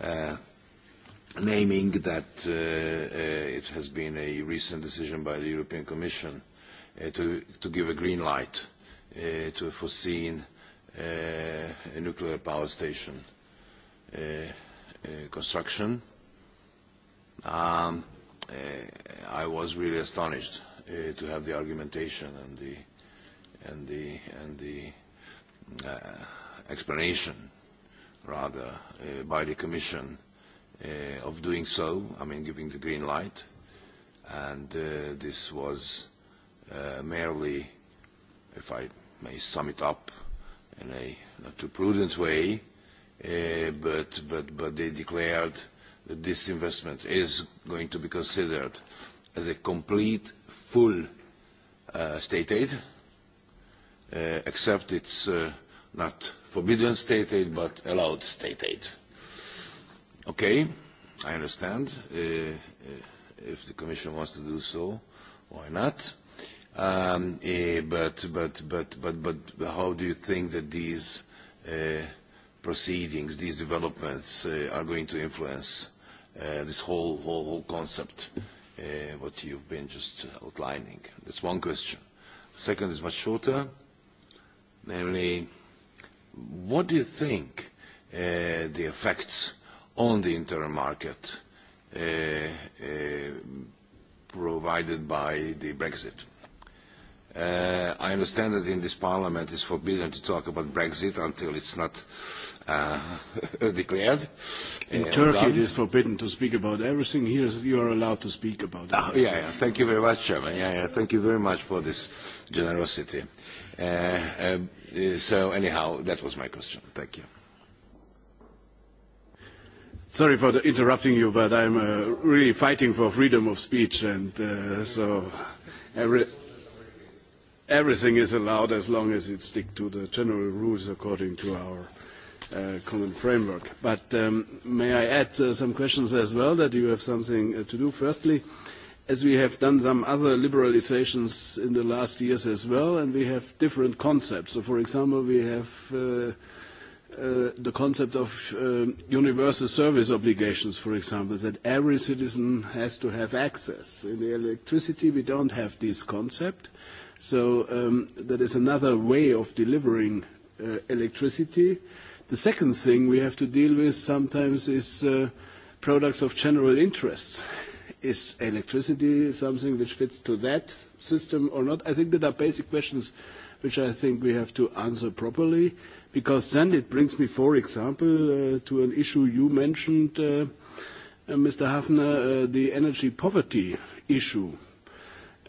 uh, naming that uh, uh, it has been a recent decision by the European Commission uh, to, to give a green light uh, to a foreseen uh, nuclear power station uh, construction. Um, uh, I was really astonished uh, to have the argumentation and the and the and the uh, explanation, rather, uh, by the Commission uh, of doing so. I mean, giving the green light, and uh, this was uh, merely, if I may sum it up in a not too prudent way, but, but, but they declared that this investment is going to be considered as a complete, full uh, state aid, uh, except it's uh, not forbidden state aid, but allowed state aid. Okay, I understand. Uh, if the Commission wants to do so, why not? Um, but but, but, but, but, but how do you think that these uh, proceedings, these developments uh, are going to influence uh, this whole, whole, whole concept, uh, what you've been just outlining. That's one question. The second is much shorter, namely, what do you think uh, the effects on the internal market uh, uh, provided by the Brexit? Uh, I understand that in this parliament it's forbidden to talk about Brexit until it's not uh, declared. In uh, Turkey done. it is forbidden to speak about everything. Here you are allowed to speak about everything. Oh, yeah, yeah. Thank you very much, Chairman. Yeah, yeah. Thank you very much for this generosity. Uh, uh, so anyhow, that was my question. Thank you. Sorry for the interrupting you, but I'm uh, really fighting for freedom of speech, and uh, so every everything is allowed as long as it sticks to the general rules according to our common framework. But may I add some questions as well that you have something to do? Firstly, as we have done some other liberalizations in the last years as well, and we have different concepts. So, for example, we have the concept of universal service obligations, for example, that every citizen has to have access. In the electricity, we don't have this concept So that is another way of delivering electricity. The second thing we have to deal with sometimes is products of general interest. Is electricity something which fits to that system or not? I think that are basic questions which I think we have to answer properly, because then it brings me, for example, to an issue you mentioned, Mr. Hafner, the energy poverty issue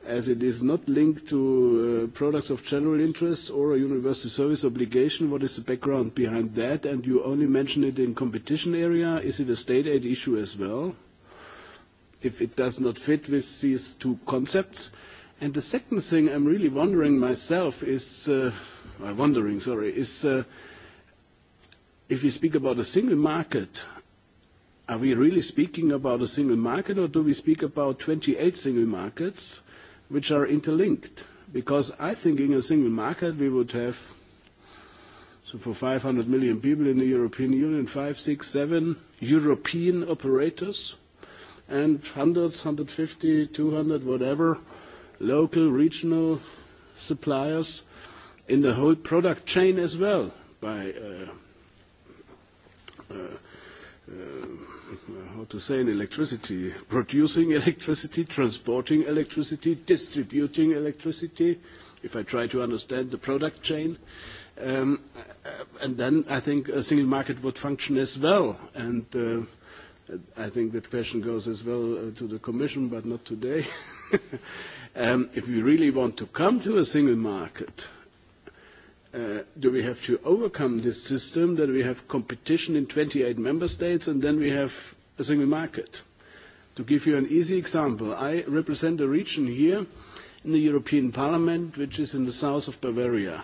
as it is not linked to products of general interest or a universal service obligation. What is the background behind that? And you only mention it in competition area. Is it a state aid issue as well? If it does not fit with these two concepts. And the second thing I'm really wondering myself is, uh, well, wondering, sorry, is uh, if we speak about a single market, are we really speaking about a single market or do we speak about 28 single markets? which are interlinked. Because I think in a single market, we would have, so for 500 million people in the European Union, five, six, seven European operators and hundreds, 150, 200, whatever, local, regional suppliers in the whole product chain as well by how to say in electricity, producing electricity, transporting electricity, distributing electricity, if I try to understand the product chain. Um, and then I think a single market would function as well. And uh, I think that question goes as well uh, to the Commission, but not today. um, if we really want to come to a single market, do we have to overcome this system that we have competition in twenty eight member states and then we have a single market? To give you an easy example, I represent a region here in the European Parliament, which is in the south of Bavaria.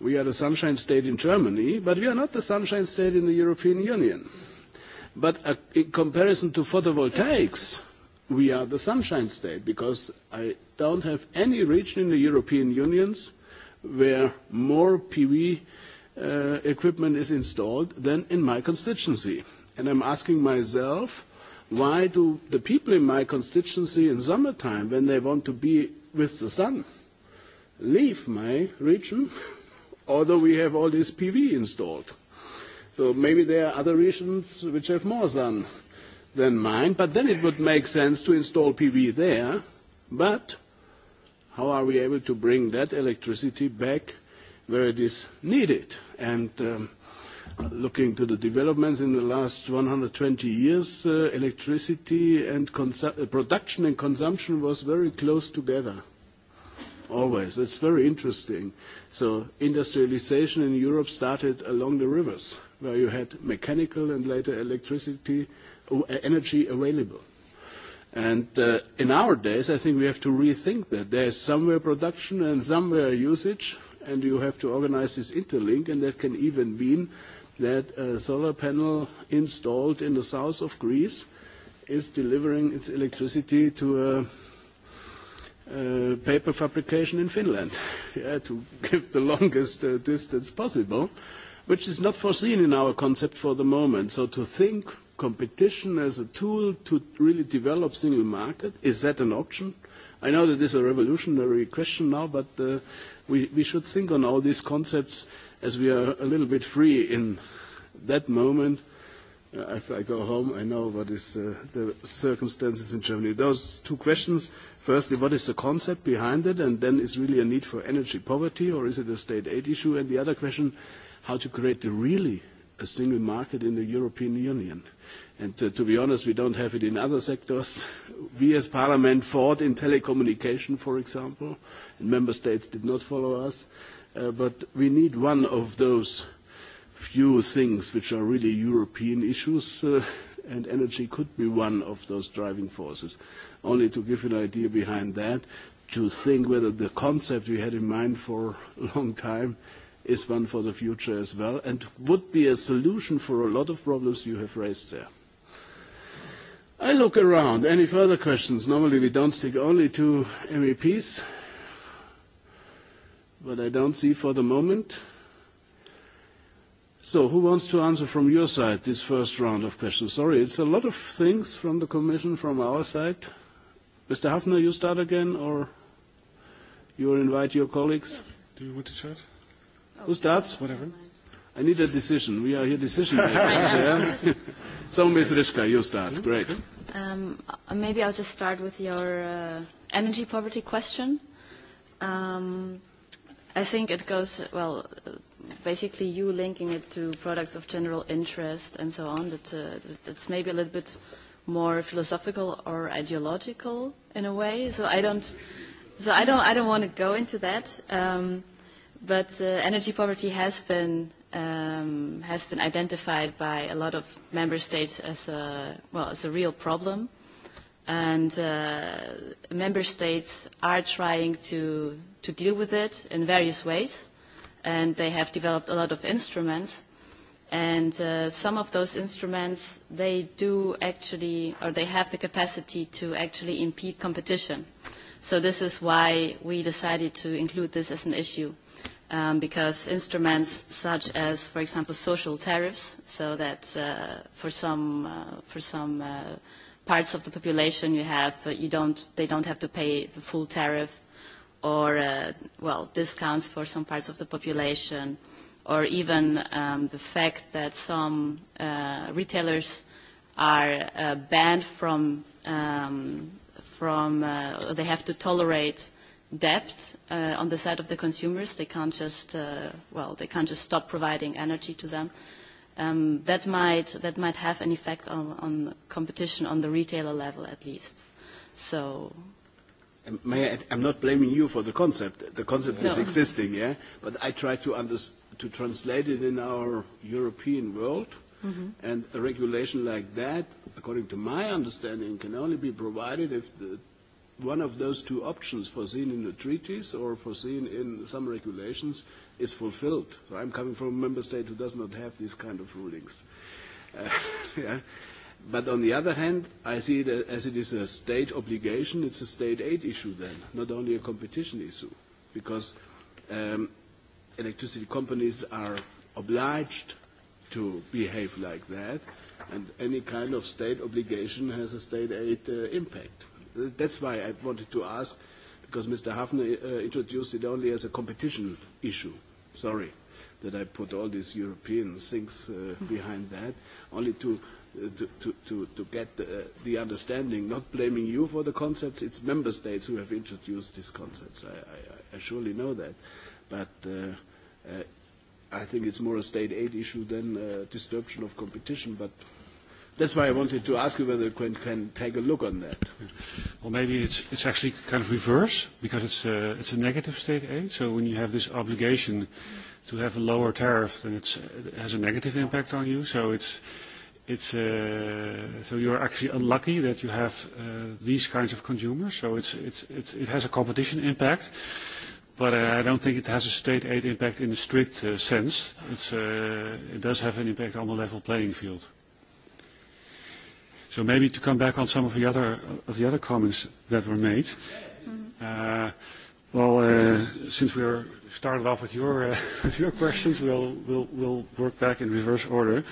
We are the sunshine state in Germany, but we are not the sunshine state in the European Union. But in comparison to photovoltaics, we are the sunshine state because I don't have any region in the European Unions where more PV equipment is installed than in my constituency. And I'm asking myself, why do the people in my constituency in summertime, when they want to be with the sun, leave my region, although we have all this PV installed? So maybe there are other regions which have more sun than mine, but then it would make sense to install PV there. But How are we able to bring that electricity back where it is needed? And um, looking to the developments in the last 120 years, uh, electricity and consu- production and consumption was very close together. Always. It's very interesting. So industrialization in Europe started along the rivers, where you had mechanical and later electricity energy available. And in our days, I think we have to rethink that. There is somewhere production and somewhere usage, and you have to organize this interlink, and that can even mean that a solar panel installed in the south of Greece is delivering its electricity to a, paper fabrication in Finland, yeah, to give the longest distance possible, which is not foreseen in our concept for the moment. So to think competition as a tool to really develop single market? Is that an option? I know that this is a revolutionary question now, but uh, we, we should think on all these concepts as we are a little bit free in that moment. Uh, if I go home, I know what is uh, the circumstances in Germany. Those two questions, firstly, what is the concept behind it, and then is really a need for energy poverty, or is it a state aid issue? And the other question, how to create the really a single market in the European Union. And to be honest, we don't have it in other sectors. We as Parliament fought in telecommunication, for example, and member states did not follow us. but we need one of those few things which are really European issues, and energy could be one of those driving forces. Only to give you an idea behind that, to think whether the concept we had in mind for a long time is one for the future as well and would be a solution for a lot of problems you have raised there. I look around. Any further questions? Normally we don't stick only to MEPs, but I don't see for the moment. So who wants to answer from your side this first round of questions? Sorry, it's a lot of things from the Commission, from our side. Mr. Hafner, you start again, or you invite your colleagues? Do you want to start? Who starts? Whatever. I need a decision. We are here decision makers. yeah? so, Ms. Rishka, you start. Great. Um, maybe I'll just start with your uh, energy poverty question. Um, I think it goes, well, basically you linking it to products of general interest and so on, that, uh, that's maybe a little bit more philosophical or ideological in a way. So I don't, so I don't, I don't want to go into that. Um, But uh, energy poverty has been um, has been identified by a lot of member states as a well as a real problem, and uh, member states are trying to to deal with it in various ways, and they have developed a lot of instruments, and uh, some of those instruments they do actually or they have the capacity to actually impede competition. So this is why we decided to include this as an issue um, because instruments such as, for example, social tariffs, so that uh, for some uh, for some uh, parts of the population you have uh, you don't they don't have to pay the full tariff, or uh, well discounts for some parts of the population, or even um, the fact that some uh, retailers are uh, banned from um, from uh, they have to tolerate debt uh, on the side of the consumers. They can't just, uh, well, they can't just stop providing energy to them. Um, that might that might have an effect on, on competition on the retailer level at least. So. May I, I'm not blaming you for the concept. The concept is existing, yeah. But I try to under, to translate it in our European world. And a regulation like that, according to my understanding, can only be provided if the one of those two options foreseen in the treaties or foreseen in some regulations is fulfilled. So I'm coming from a member state who does not have these kind of rulings. Uh, yeah. But on the other hand, I see it as it is a state obligation, it's a state aid issue then, not only a competition issue, because um, electricity companies are obliged to behave like that, and any kind of state obligation has a state aid uh, impact. That's why I wanted to ask, because Mr. Hafner uh, introduced it only as a competition issue. Sorry that I put all these European things uh, behind that, only to uh to, to, to get uh, the understanding, not blaming you for the concepts, it's member states who have introduced these concepts. I, I, I surely know that. But uh, uh, I think it's more a state aid issue than uh, disruption of competition. But That's why I wanted to ask you whether you can, can take a look on that. Well, maybe it's, it's actually kind of reverse because it's a, it's a negative state aid. So when you have this obligation to have a lower tariff, then it's, it has a negative impact on you. So it's it's uh, so you're actually unlucky that you have uh, these kinds of consumers. So it's, it's, it's, it has a competition impact. But I don't think it has a state aid impact in a strict uh, sense. It's, uh, it does have an impact on the level playing field. So maybe to come back on some of the other of the other comments that were made. Uh, well, uh, since we are started off with your uh, with your questions, we'll we'll we'll work back in reverse order.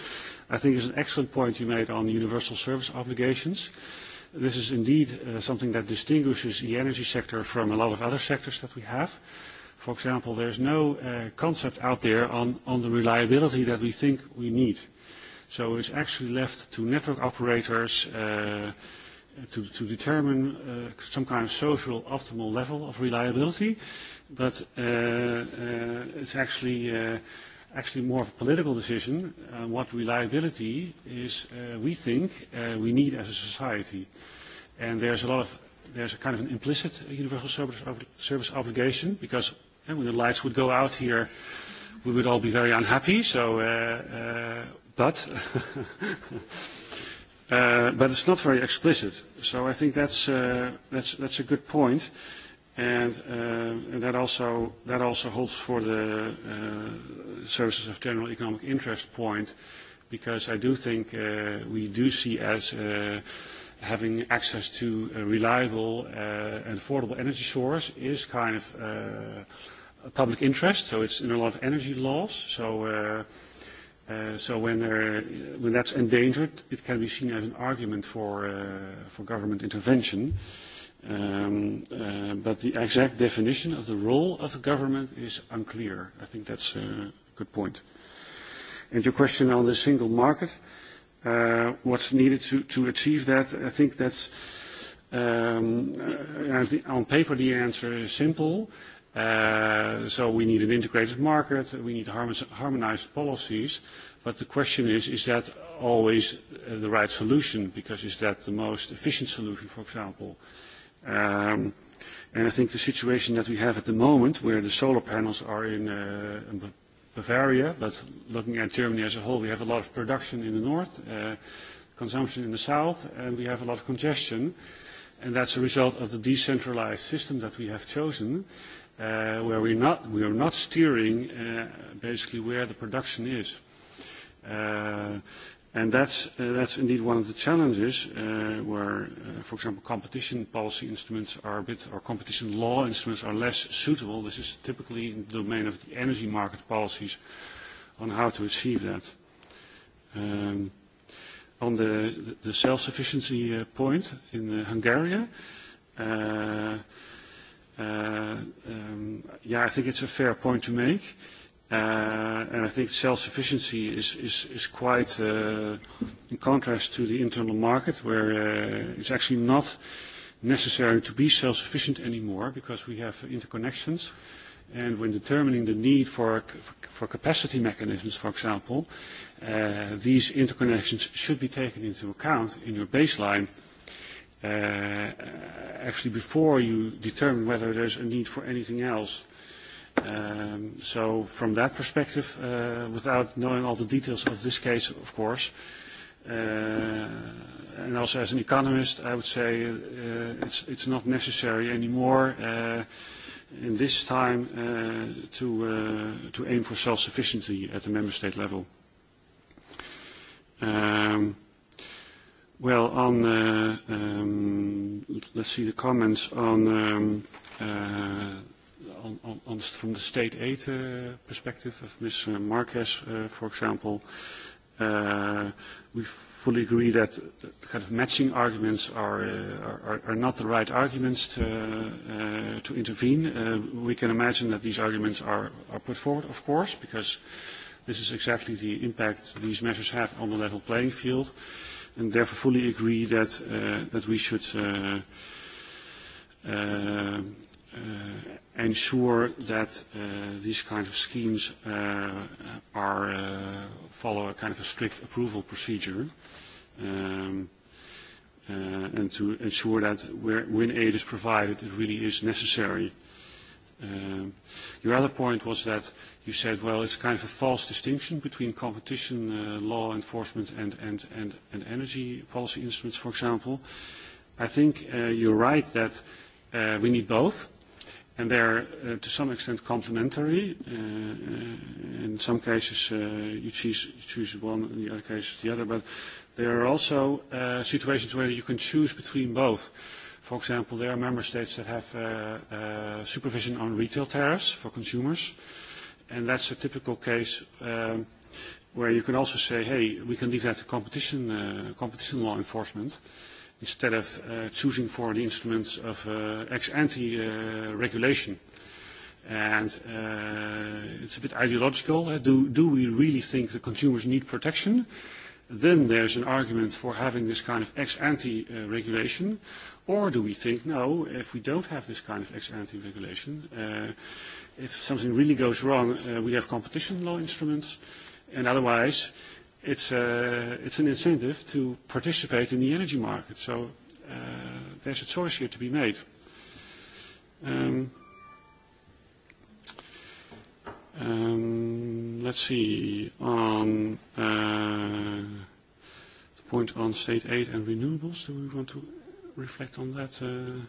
I think it's an excellent point you made on universal service obligations. This is indeed uh, something that distinguishes the energy sector from a lot of other sectors that we have. For example, there's no uh, concept out there on, on the reliability that we think we need. So it's actually left to network operators uh, to, to determine uh, some kind of social optimal level of reliability, but uh, uh, it's actually uh, actually more of a political decision on what reliability is. Uh, we think uh, we need as a society, and there's a lot of there's a kind of an implicit universal service, service obligation because when the lights would go out here, we would all be very unhappy. So. Uh, uh, but uh, but it's not very explicit. So I think that's uh, that's that's a good point, and, uh, and that also that also holds for the uh, services of general economic interest point, because I do think uh, we do see as uh, having access to a reliable uh, and affordable energy source is kind of uh, a public interest. So it's in a lot of energy laws. So uh, So When that's endangered, it can be seen as an argument for government intervention. But The exact definition of the role of the government is unclear. I think that's a good point. And Your question on the single market, what's needed to achieve that, I think that's on paper, the answer is simple So we need an integrated market, we need harmonized policies, but the question is, is that always the right solution? Because is that the most efficient solution, for example? And I think the situation that we have at the moment, where the solar panels are in Bavaria, but looking at Germany as a whole, we have a lot of production in the north, consumption in the south, and we have a lot of congestion, and that's a result of the decentralized system that we have chosen where we are not steering basically where the production is. And That's indeed one of the challenges where, for example, competition policy instruments are a bit, or competition law instruments are less suitable. This is typically in the domain of the energy market policies on how to achieve that. On the self-sufficiency point in Hungary, yeah, I think it's a fair point to make. and I think self-sufficiency is, is, is quite in contrast to the internal market, where it's actually not necessary to be self-sufficient anymore because we have interconnections. And when determining the need for, for capacity mechanisms, for example, uh, these interconnections should be taken into account in your baseline actually before you determine whether there's a need for anything else. Um, so from that perspective, uh, without knowing all the details of this case, of course, uh, and also as an economist, I would say uh, it's, it's not necessary anymore uh, in this time uh, to, uh, to aim for self-sufficiency at the member state level. Um, Well, on, uh um let's see, the comments on um uh on on on from the state aid uh perspective of Ms. Marquez, uh for example, uh we fully agree that kind of matching arguments are uh are are not the right arguments to uh to intervene. Uh We can imagine that these arguments are are put forward, of course, because this is exactly the impact these measures have on the level playing field and therefore fully agree that uh, that we should uh, uh, ensure that uh, these kind of schemes uh, are uh, follow a kind of a strict approval procedure. Um, uh, and to ensure that where, when aid is provided, it really is necessary Your other point was that you said, well, it's kind of a false distinction between competition law enforcement and energy policy instruments, for example. I think you're right that we need both, and they're to some extent complementary. In some cases, you choose one, in the other cases, the other. But there are also situations where you can choose between both For example, there are member states that have uh, uh, supervision on retail tariffs for consumers, and that's a typical case um, where you can also say, hey, we can leave that to competition, uh, competition law enforcement instead of uh, choosing for the instruments of uh, ex-ante uh, regulation. And uh, it's a bit ideological. do, do we really think the consumers need protection? Then there's an argument for having this kind of ex-ante uh, regulation. Or do we think, no, if we don't have this kind of ex-ante regulation, uh, if something really goes wrong, uh, we have competition law instruments, and otherwise it's, uh, it's an incentive to participate in the energy market. So uh, there's a choice here to be made. Um, um, let's see, on uh, the point on state aid and renewables, do we want to reflect on that. Uh,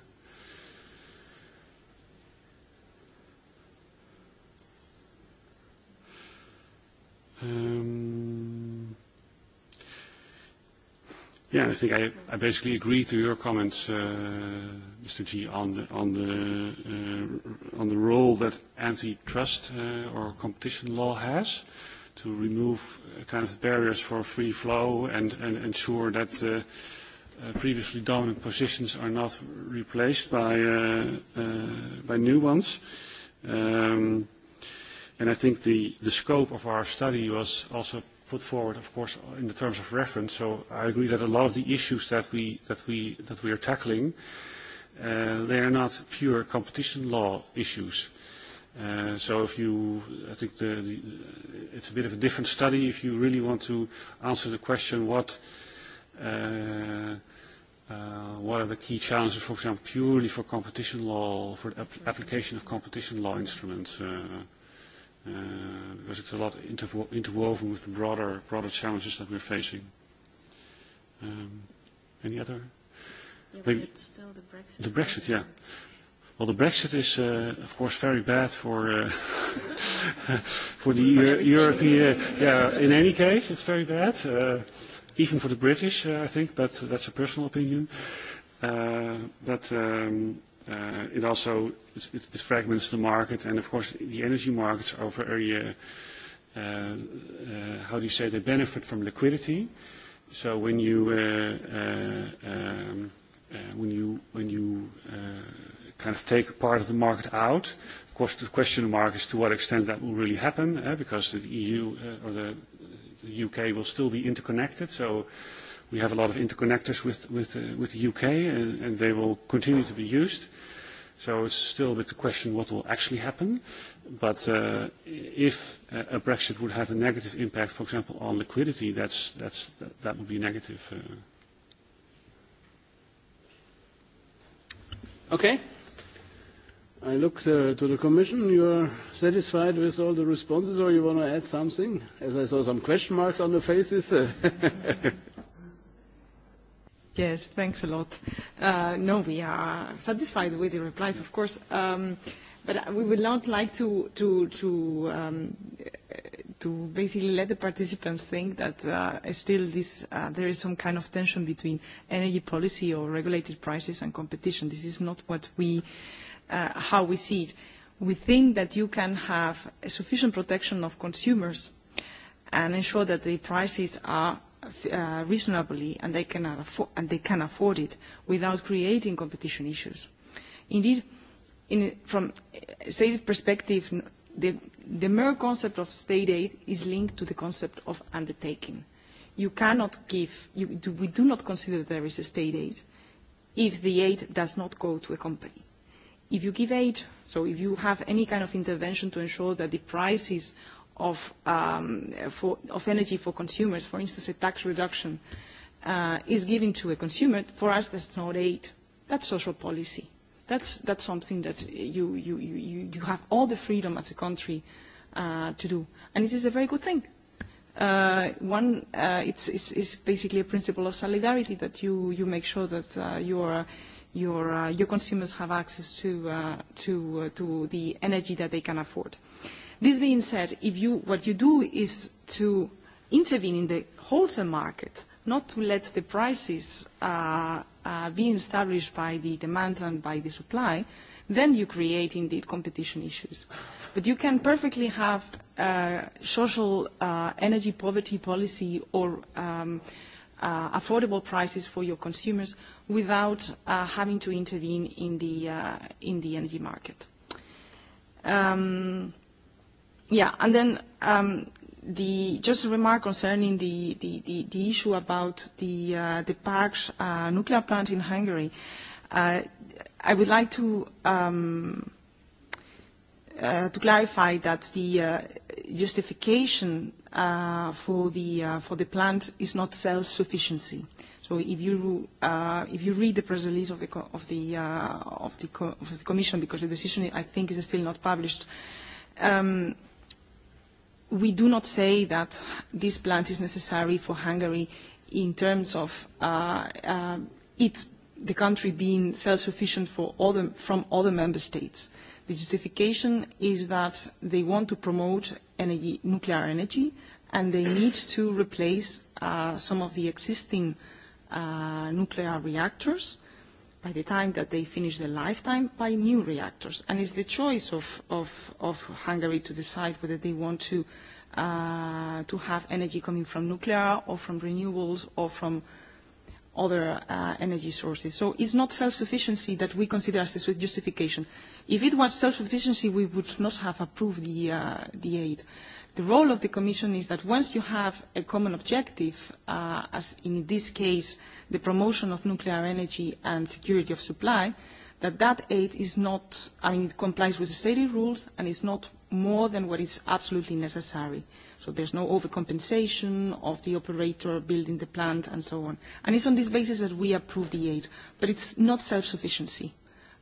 um, yeah, I think I, I basically agree to your comments, uh, Mr. G, on the on the uh, on the role that antitrust uh, or competition law has to remove kind of barriers for free flow and, and ensure that. Uh, previously dominant positions are not replaced by new ones. And I think the scope of our study was also put forward, of course, in the terms of reference. So I agree that a lot of the issues that we are tackling, they are not pure competition law issues. So if you, I think the, it's a bit of a different study if you really want to answer the question, what What are the key challenges, for example, purely for competition law, for the application of competition law instruments? uh uh Because it's a lot interwoven with the broader broader challenges that we're facing. Um Any other? Yeah, but it's still the Brexit. The Brexit, yeah. Well, the Brexit is, uh, of course, very bad for uh, for the European. Yeah, in any case, it's very bad. Uh, even for the British, uh, I think, but that's a personal opinion. Uh, but um, uh, it also it, it fragments the market, and of course the energy markets are very, uh, uh, how do you say, they benefit from liquidity. So when you uh, uh, um, uh, when you when you uh, kind of take part of the market out, of course the question mark is to what extent that will really happen, uh, because the EU uh, or the the UK will still be interconnected. So we have a lot of interconnectors with, with, uh, with the UK, and, and they will continue to be used. So it's still a bit the question what will actually happen. But uh, if a Brexit would have a negative impact, for example, on liquidity, that's, that's, that would be negative. Uh. Okay. I look uh to the commission. You are satisfied with all the responses, or you want to add something? As I saw some question marks on the faces. Yes, thanks a lot. Uh No, we are satisfied with the replies, of course. Um But we would not like to to to um to basically let the participants think that uh still this uh there is some kind of tension between energy policy or regulated prices and competition. This is not what we uh how we see it. We think that you can have a sufficient protection of consumers and ensure that the prices are uh, reasonably and they, can afford, and they can afford it without creating competition issues. Indeed, in, from a state perspective, the, the mere concept of state aid is linked to the concept of undertaking. You cannot give, you, do, we do not consider that there is a state aid if the aid does not go to a company If you give aid, so if you have any kind of intervention to ensure that the prices of, um, for, of energy for consumers, for instance, a tax reduction, uh, is given to a consumer, for us that's not aid. That's social policy. That's, that's something that you, you, you, you have all the freedom as a country uh, to do. And it is a very good thing. Uh, one, uh, it's, it's, it's basically a principle of solidarity that you, you make sure that uh, you are your, uh, your consumers have access to, uh, to, uh, to the energy that they can afford. This being said, if you, what you do is to intervene in the wholesale market, not to let the prices uh, uh, be established by the demand and by the supply, then you create indeed competition issues. But you can perfectly have uh, social uh, energy poverty policy or um, uh, affordable prices for your consumers without uh, having to intervene in the, uh, in the energy market. Um, yeah, and then um, the, just a remark concerning the, the, the, the issue about the, uh, the Paks uh, nuclear plant in Hungary. Uh, I would like to, um, uh, to clarify that the uh, justification uh, for the uh, for the plant is not self-sufficiency. So if you uh, if you read the press release of the co- of the uh, of the of the Commission, because the decision I think is still not published. we do not say that this plant is necessary for Hungary in terms of uh, the country being self-sufficient for from other member states The justification is that they want to promote energy, nuclear energy and they need to replace uh, some of the existing uh, nuclear reactors by the time that they finish their lifetime by new reactors. And it's the choice of, of, of Hungary to decide whether they want to, uh, to have energy coming from nuclear or from renewables or from uh, other uh, energy sources. So it's not self-sufficiency that we consider as a justification. If it was self-sufficiency, we would not have approved the, uh, the aid. The role of the Commission is that once you have a common objective, uh, as in this case, the promotion of nuclear energy and security of supply, that that aid is not, I mean, it complies with the stated rules and is not more than what is absolutely necessary. So there's no overcompensation of the operator building the plant and so on. And it's on this basis that we approve the aid. But it's not self-sufficiency.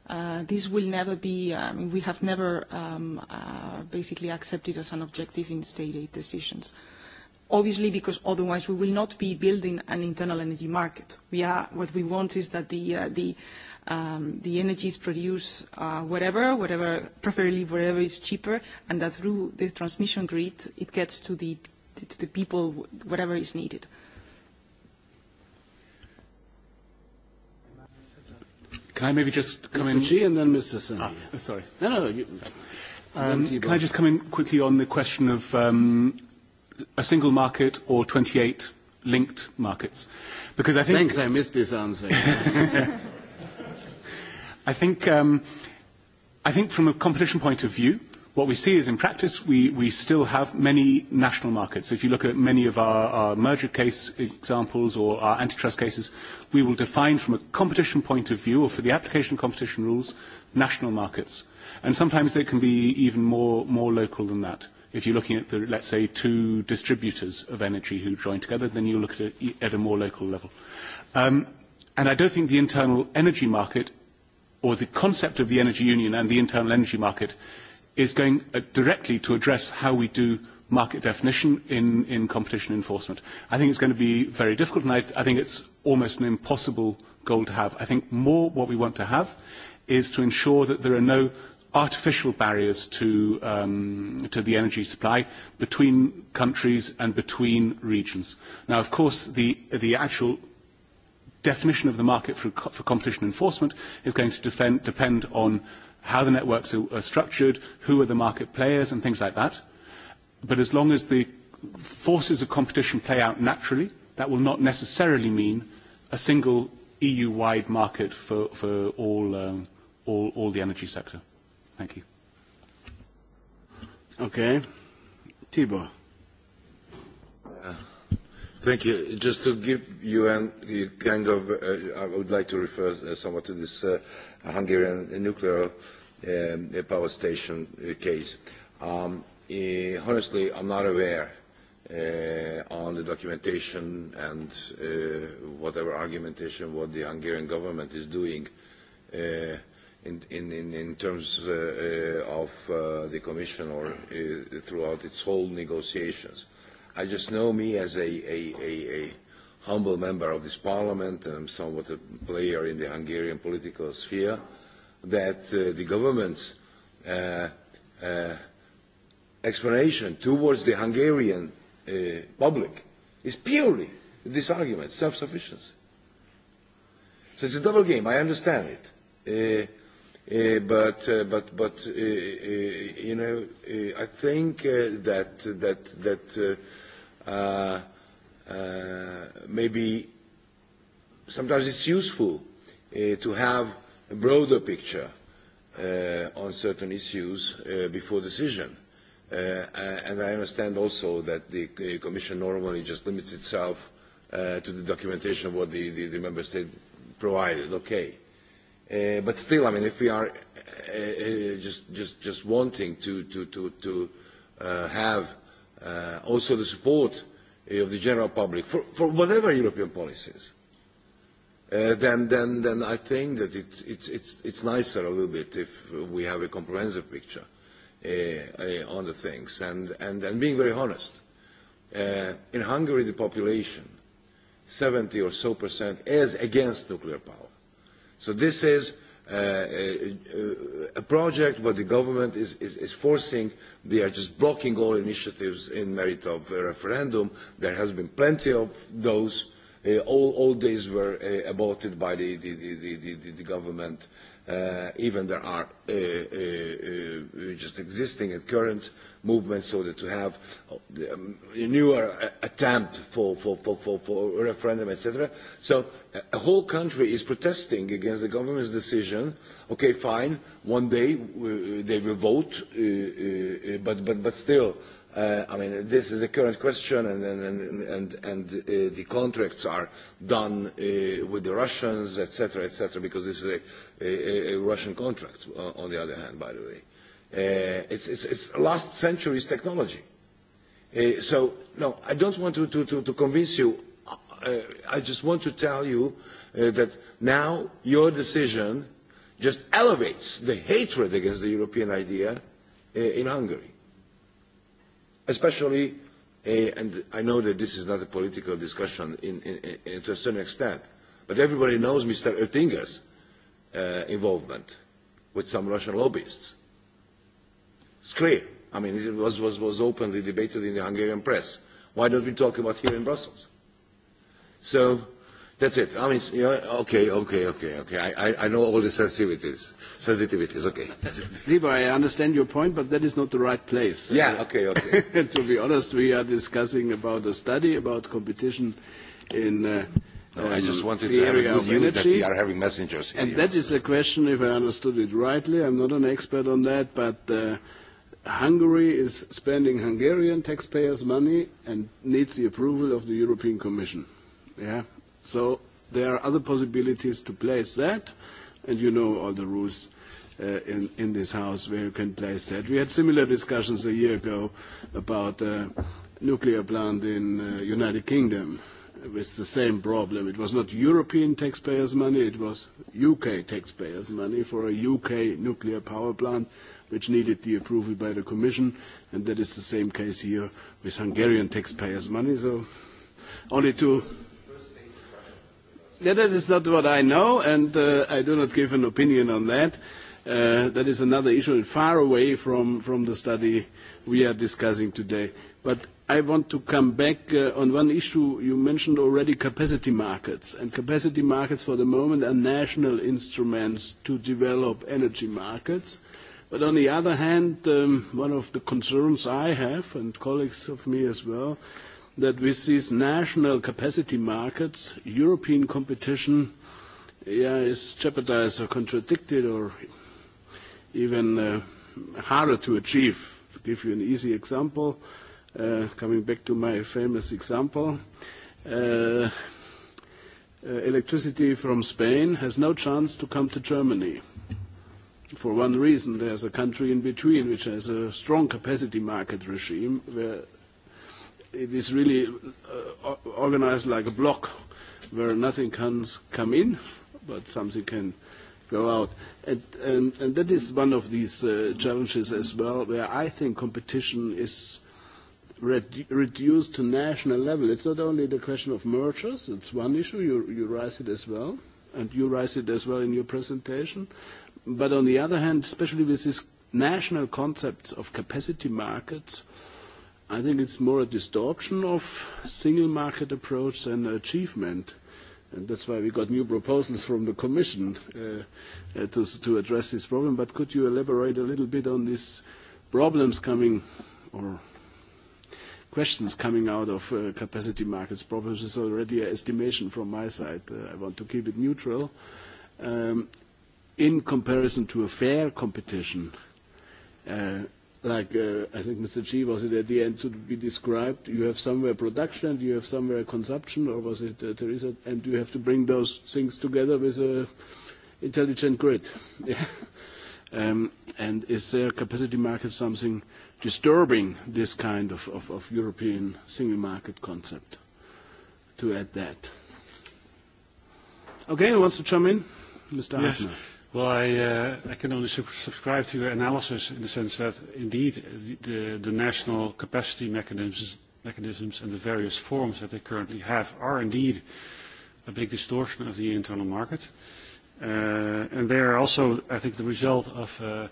Uh, this will never be, I mean we have never um, uh, basically accepted as an objective in state aid decisions. Uh, obviously because otherwise we will not be building an internal energy market. We are, what we want is that the, uh, the, um, the energies produce uh, whatever, whatever, preferably wherever is cheaper, and that through the transmission grid it gets to the, to the people whatever is needed. Can I maybe just come Mr. in? G and then Mr. Ah, sorry. No, no. You, um, can I just come in quickly on the question of um, a single market or 28 linked markets? Because I think... Thanks, I missed this answer. I think, um, I think from a competition point of view, what we see is in practice we, we still have many national markets. If you look at many of our, our merger case examples or our antitrust cases, we will define from a competition point of view or for the application of competition rules, national markets. And sometimes they can be even more, more local than that if you're looking at, the, let's say, two distributors of energy who join together, then you look at a, at a more local level. Um, and I don't think the internal energy market or the concept of the energy union and the internal energy market is going directly to address how we do market definition in, in competition enforcement. I think it's going to be very difficult, and I, I think it's almost an impossible goal to have. I think more what we want to have is to ensure that there are no artificial barriers to, um, to the energy supply between countries and between regions. Now, of course, the, the actual definition of the market for, for competition enforcement is going to defend, depend on how the networks are, are structured, who are the market players, and things like that. But as long as the forces of competition play out naturally, that will not necessarily mean a single EU-wide market for, for all, um, all, all the energy sector. Thank you. Okay. Tibor. Thank you. Just to give you an kind of, uh I would like to refer somewhat to this uh Hungarian nuclear um power station uh case. Um uh Honestly, I'm not aware uh on the documentation and uh whatever argumentation what the Hungarian government is doing uh in, in, in, in terms uh, of uh, the Commission or uh, throughout its whole negotiations. I just know me as a, a, a, a humble member of this parliament and I'm somewhat a player in the Hungarian political sphere, that uh, the government's uh, uh, explanation towards the Hungarian uh, public is purely this argument, self-sufficiency. So it's a double game, I understand it. Uh, but but but uh you know uh I think uh that that that uh, uh, maybe sometimes it's useful uh, to have a broader picture uh, on certain issues uh, before decision. Uh, and I understand also that the Commission normally just limits itself uh, to the documentation of what the, the, the member state provided. Okay Uh, but still, I mean, if we are uh, just, just, just wanting to, to, to, to uh, have uh, also the support of the general public for, for whatever European policies, uh, then, then, then I think that it, it's, it's, it's nicer a little bit if we have a comprehensive picture uh, uh, on the things and, and, and being very honest. Uh, in Hungary, the population, 70 or so percent, is against nuclear power So this is a project where the government is, is, is forcing, they are just blocking all initiatives in merit of a referendum. There has been plenty of those. Uh, all, all these were uh, aborted by the, the, the, the, the, the government uh, uh, even there are uh, uh, uh, just existing and current movements, so that to have a newer attempt for, for, for, for, for a referendum, etc. So a whole country is protesting against the government's decision. Okay, fine, one day uh, they will vote, uh, uh, but, but, but still Uh, I mean, this is a current question, and, and, and, and uh, the contracts are done uh, with the Russians, etc., etc., because this is a, a, a Russian contract, uh, on the other hand, by the way. Uh, it's, it's, it's last century's technology. Uh, so, no, I don't want to, to, to, to convince you. Uh, I just want to tell you uh, that now your decision just elevates the hatred against the European idea uh, in Hungary especially, a and I know that this is not a political discussion in, in, in, to a certain extent, but everybody knows Mr. Oettinger's uh, involvement with some Russian lobbyists. It's clear. I mean, it was, was, was openly debated in the Hungarian press. Why don't we talk about here in Brussels? So That's it. I mean, yeah, okay, okay, okay, okay. I, I, I know all the sensitivities. Sensitivities, okay. Lieber, I understand your point, but that is not the right place. Yeah, okay, okay. to be honest, we are discussing about a study about competition in. Uh, no, I just wanted to have a good view that we are having messengers. Here. And that is a question, if I understood it rightly. I'm not an expert on that, but. Uh, Hungary is spending Hungarian taxpayers' money and needs the approval of the European Commission. Yeah, So there are other possibilities to place that, and you know all the rules uh in in this house where you can place that. We had similar discussions a year ago about a nuclear plant in uh, United Kingdom with the same problem. It was not European taxpayers' money, it was UK taxpayers' money for a UK nuclear power plant which needed the approval by the Commission, and that is the same case here with Hungarian taxpayers' money. So only to Yeah, that is not what I know, and uh, I do not give an opinion on that. Uh, that is another issue far away from, from the study we are discussing today. But I want to come back on one issue you mentioned already, capacity markets. and Capacity markets for the moment are national instruments to develop energy markets. But On the other hand, um one of the concerns I have, and colleagues of me as well, that with these national capacity markets, European competition is jeopardized or contradicted or even harder to achieve. To give you an easy example, coming back to my famous example, electricity from Spain has no chance to come to Germany. For one reason, there's a country in between which has a strong capacity market regime where it is really uh, organized like a block where nothing can come in, but something can go out. And, and, and that is one of these uh, challenges as well, where I think competition is redu- reduced to national level. It's not only the question of mergers, it's one issue, you, you raise it as well, and you raise it as well in your presentation. But on the other hand, especially with these national concepts of capacity markets, uh, I think it's more a distortion of single market approach than achievement. And that's why we got new proposals from the Commission to address this problem. But could you elaborate a little bit on these problems coming or questions coming out of capacity markets? Problems is already an estimation from my side. I want to keep it neutral. In comparison to a fair competition, like uh, I think Mr. G was it at the end to be described? You have somewhere production, and you have somewhere consumption, or was it uh, Teresa? And you have to bring those things together with a intelligent grid. Yeah. um, and is there capacity market something disturbing this kind of, of, of European single market concept? To add that. Okay, who wants to chime in? Mr. Yes. Hartner. Well, I, uh, I can only subscribe to your analysis in the sense that indeed the, the national capacity mechanisms, mechanisms and the various forms that they currently have are indeed a big distortion of the internal market. Uh, and they are also, I think, the result of, uh,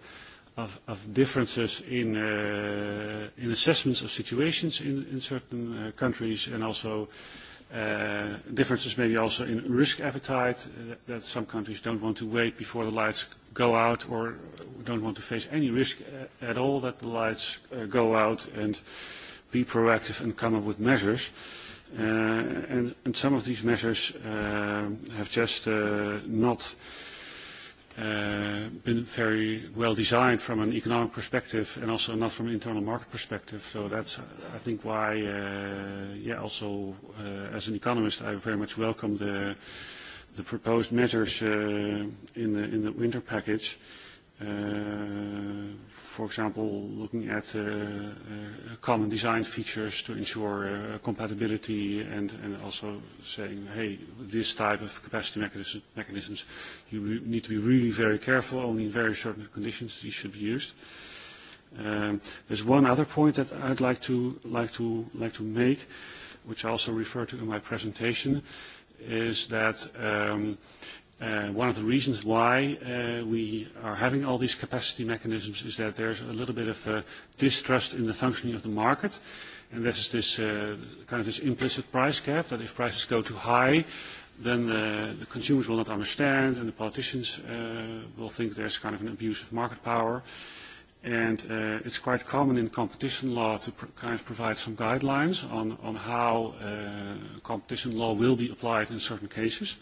of, of differences in, uh, in assessments of situations in, in certain uh, countries and also Uh, differences maybe also in risk appetite, uh, that some countries don't want to wait before the lights go out or don't want to face any risk at all that the lights uh, go out and be proactive and come up with measures. Uh, and, and some of these measures uh, have just uh, not uh, been very well designed from an economic perspective and also not from an internal market perspective. So that's, I think, why, yeah, also, as an economist, I very much welcome the proposed measures in the winter package for example, looking at uh uh common design features to ensure uh compatibility and and also saying, "Hey, this type of capacity mechanisms, you need to be really very careful. Only in very certain conditions these should be used." Um There's one other point that I'd like to like like to to make, which I also refer to in my presentation, is that um One of the reasons why we are having all these capacity mechanisms is that there's a little bit of distrust in the functioning of the market, and this is this kind of this implicit price cap, that if prices go too high, then the consumers will not understand, and the politicians will think there's kind of an abuse of market power. And It's quite common in competition law to kind of provide some guidelines on how competition law will be applied in certain cases.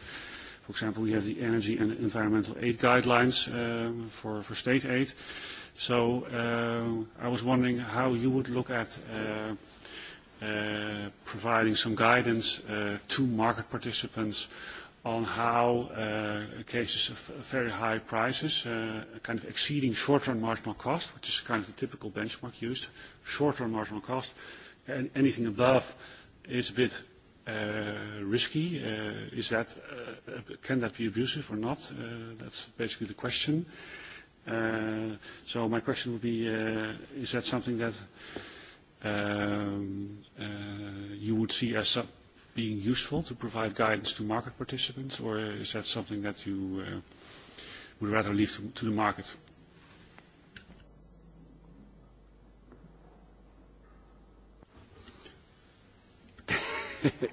For example, we have the energy and environmental aid guidelines for for state aid. So uh I was wondering how you would look at uh uh providing some guidance uh to market participants on how uh cases of very high prices, uh kind of exceeding short-term marginal cost, which is kind of the typical benchmark used, short-term marginal cost, and anything above is a bit risky? Is that Can that be abusive or not? That's basically the question. So my question would be, is that something that you would see as being useful to provide guidance to market participants, or is that something that you would rather leave to the market?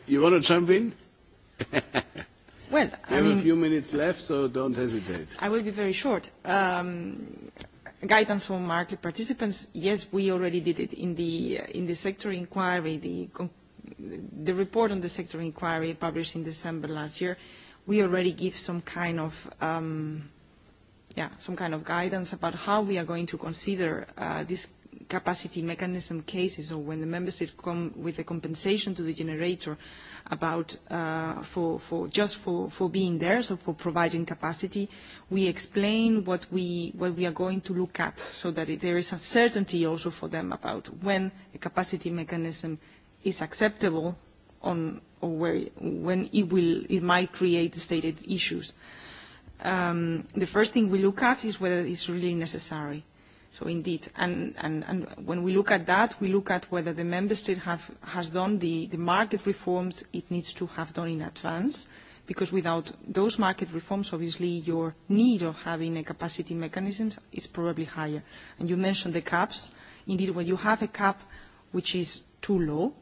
you want to jump in? well, I have a few minutes left, so don't hesitate. I will be very short. Um, guidance for market participants. Yes, we already did it in the in the sector inquiry. The the report on the sector inquiry published in December last year. We already give some kind of um, yeah, some kind of guidance about how we are going to consider uh, this capacity mechanism cases or when the member state come with a compensation to the generator about uh, for, for just for, for being there, so for providing capacity, we explain what we, what we are going to look at so that it, there is a certainty also for them about when a capacity mechanism is acceptable on or where, when it, will, it might create stated issues. Um, the first thing we look at is whether it's really necessary So indeed, and, and, and when we look at that, we look at whether the member state have, has done the, the market reforms it needs to have done in advance, because without those market reforms, obviously your need of having a capacity mechanism is probably higher. And you mentioned the caps. Indeed, when you have a cap which is too low,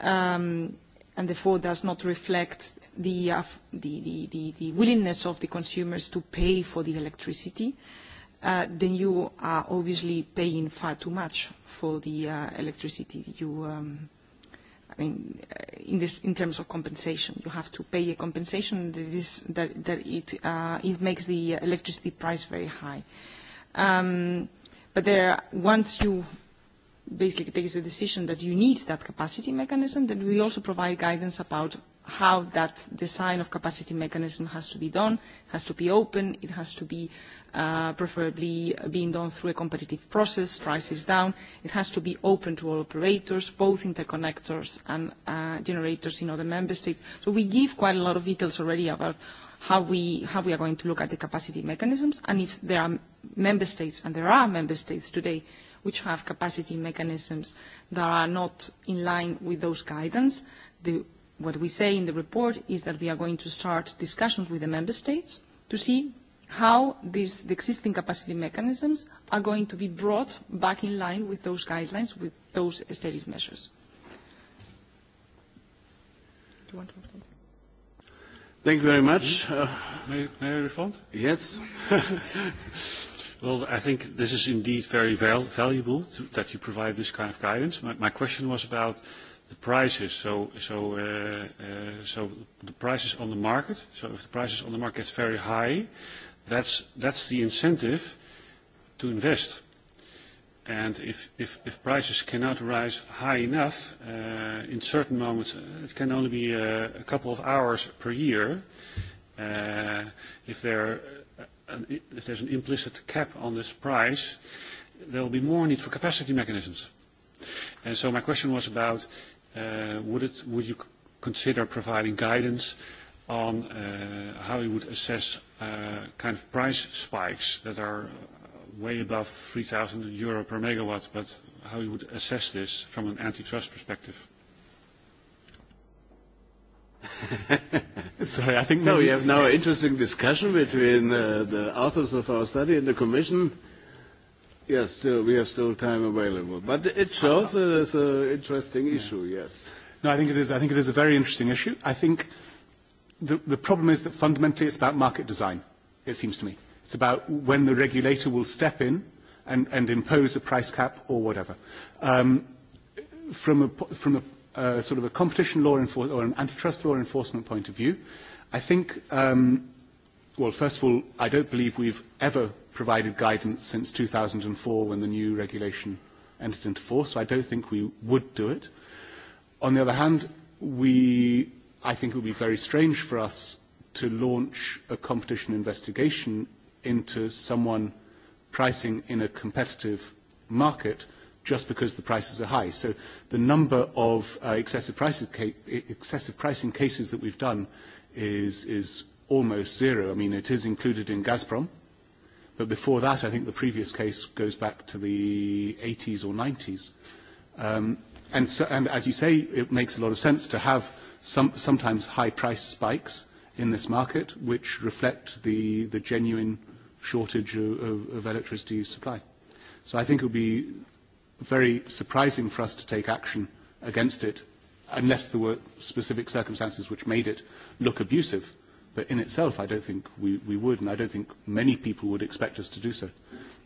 um, and therefore does not reflect the, uh, the, the, the, the willingness of the consumers to pay for the electricity, uh, uh, then you are obviously paying far too much for the uh, electricity you, um, I mean, in, this, in terms of compensation. You have to pay a compensation that, is, that, that it, uh, it makes the electricity price very high. Um, but there, once you basically take the decision that you need that capacity mechanism, then we also provide guidance about how that design of capacity mechanism has to be done, has to be open, it has to be preferably being done through a competitive process, prices down. It has to be open to all operators, both interconnectors and uh, generators in other member states. So we give quite a lot of details already about how we, how we are going to look at the capacity mechanisms and if there are member states, and there are member states today, which have capacity mechanisms that are not in line with those guidance. The, what we say in the report is that we are going to start discussions with the member states to see how these, the existing capacity mechanisms are going to be brought back in line with those guidelines, with those steady measures. Do you want to respond? Thank you very much. Uh, may, may I respond? Yes. well, I think this is indeed very val valuable to, that you provide this kind of guidance. My, my question was about the prices. So, so, uh, uh, so the prices on the market. So if the prices on the market is very high, That's that's the incentive to invest. And If if if prices cannot rise high enough, uh in certain moments, it can only be a couple of hours per year. uh If there an if there's an implicit cap on this price, there will be more need for capacity mechanisms. And so My question was about, uh would it would you consider providing guidance on uh how you would assess kind of price spikes that are way above 3,000 euro per megawatt, but how you would assess this from an antitrust perspective? Sorry, I think no. We have now an interesting discussion between uh, the authors of our study and the Commission. Yes, still, we have still time available, but it shows that it's an interesting issue. Yes. No, I think it is. I think it is a very interesting issue. I think the, the problem is that fundamentally it's about market design, it seems to me. It's about when the regulator will step in and, and impose a price cap or whatever. Um, from a, from a uh, sort of a competition law enfor- or an antitrust law enforcement point of view, I think, um, well, first of all, I don't believe we've ever provided guidance since 2004 when the new regulation entered into force, so I don't think we would do it. On the other hand, we I think it would be very strange for us to launch a competition investigation into someone pricing in a competitive market just because the prices are high. So the number of uh, excessive, prices excessive pricing cases that we've done is, is almost zero. I mean, it is included in Gazprom, but before that, I think the previous case goes back to the 80s or 90s. Um, and, so, and as you say, it makes a lot of sense to have – sometimes high price spikes in this market, which reflect the the genuine shortage of electricity supply. So I think it would be very surprising for us to take action against it unless there were specific circumstances which made it look abusive. But in itself, I don't think we, we would, and I don't think many people would expect us to do so.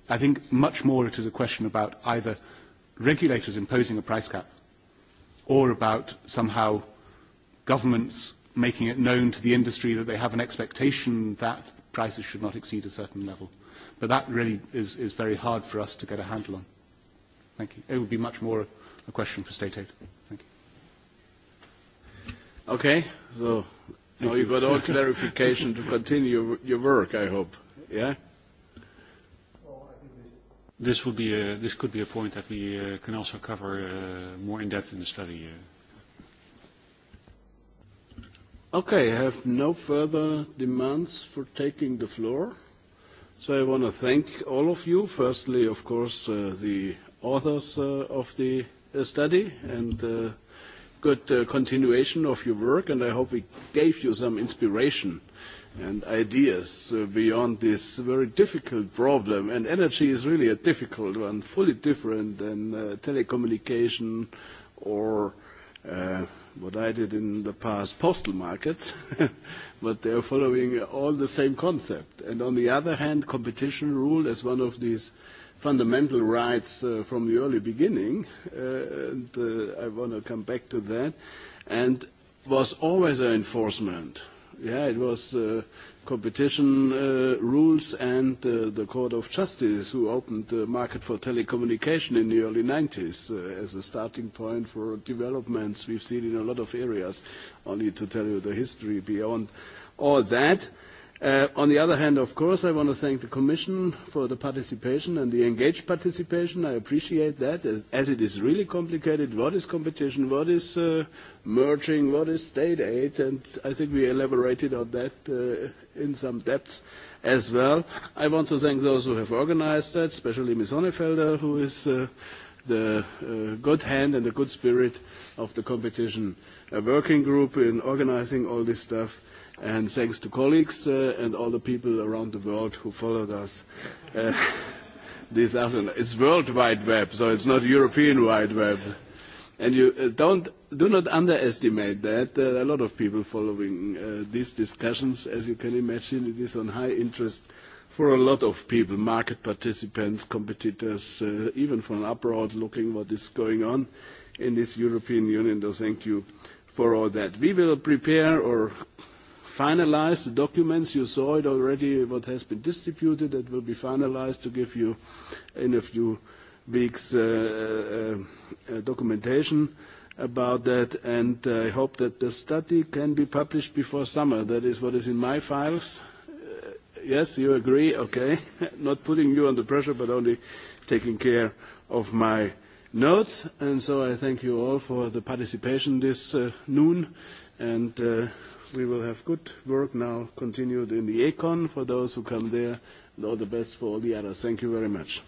I think much more it is a question about either regulators imposing a price cap or about somehow governments making it known to the industry that they have an expectation that prices should not exceed a certain level. But that really is, is very hard for us to get a handle on. Thank you. It would be much more a question for state aid. Thank you. Okay, so now you've got all clarification to continue your work, I hope. Yeah? This, would be a, this could be a point that we uh, can also cover uh, more in depth in the study. Uh. Okay, I have no further demands for taking the floor. So I want to thank all of you. Firstly, of course, uh, the authors uh, of the uh, study and uh, good uh, continuation of your work. And I hope we gave you some inspiration and ideas uh, beyond this very difficult problem. And energy is really a difficult one, fully different than uh, telecommunication or uh, what I did in the past, postal markets, but they are following all the same concept. And on the other hand, competition rule as one of these fundamental rights uh, from the early beginning, uh, and uh, I want to come back to that, and was always an enforcement. Yeah, it was. Uh, competition rules and the Court of Justice, who opened the market for telecommunication in the early 90s as a starting point for developments we've seen in a lot of areas, only to tell you the history beyond all that. On the other hand, of course, I want to thank the Commission for the participation and the engaged participation. I appreciate that, as it is really complicated. What is competition? What is merging? What is state aid? And I think we elaborated on that in some depth as well. I want to thank those who have organized that, especially Ms. Honefelder, who is the good hand and the good spirit of the competition working group in organizing all this stuff And thanks to colleagues and all the people around the world who followed us this afternoon. It's World Wide Web, so it's not European Wide Web. And you don't do not underestimate that. There are a lot of people following these discussions. As you can imagine, it is on high interest for a lot of people, market participants, competitors, uh, even from abroad, looking what is going on in this European Union. So thank you for all that. We will prepare or finalize The documents, you saw it already, what has been distributed, that will be finalized to give you in a few weeks documentation about that, and I hope that the study can be published before summer. That is what is in my files. Yes, you agree? Okay. Not putting you under pressure, but only taking care of my notes. And so I thank you all for the participation this noon, and We will have good work now continued in the Econ for those who come there, and all the best for all the others. Thank you very much.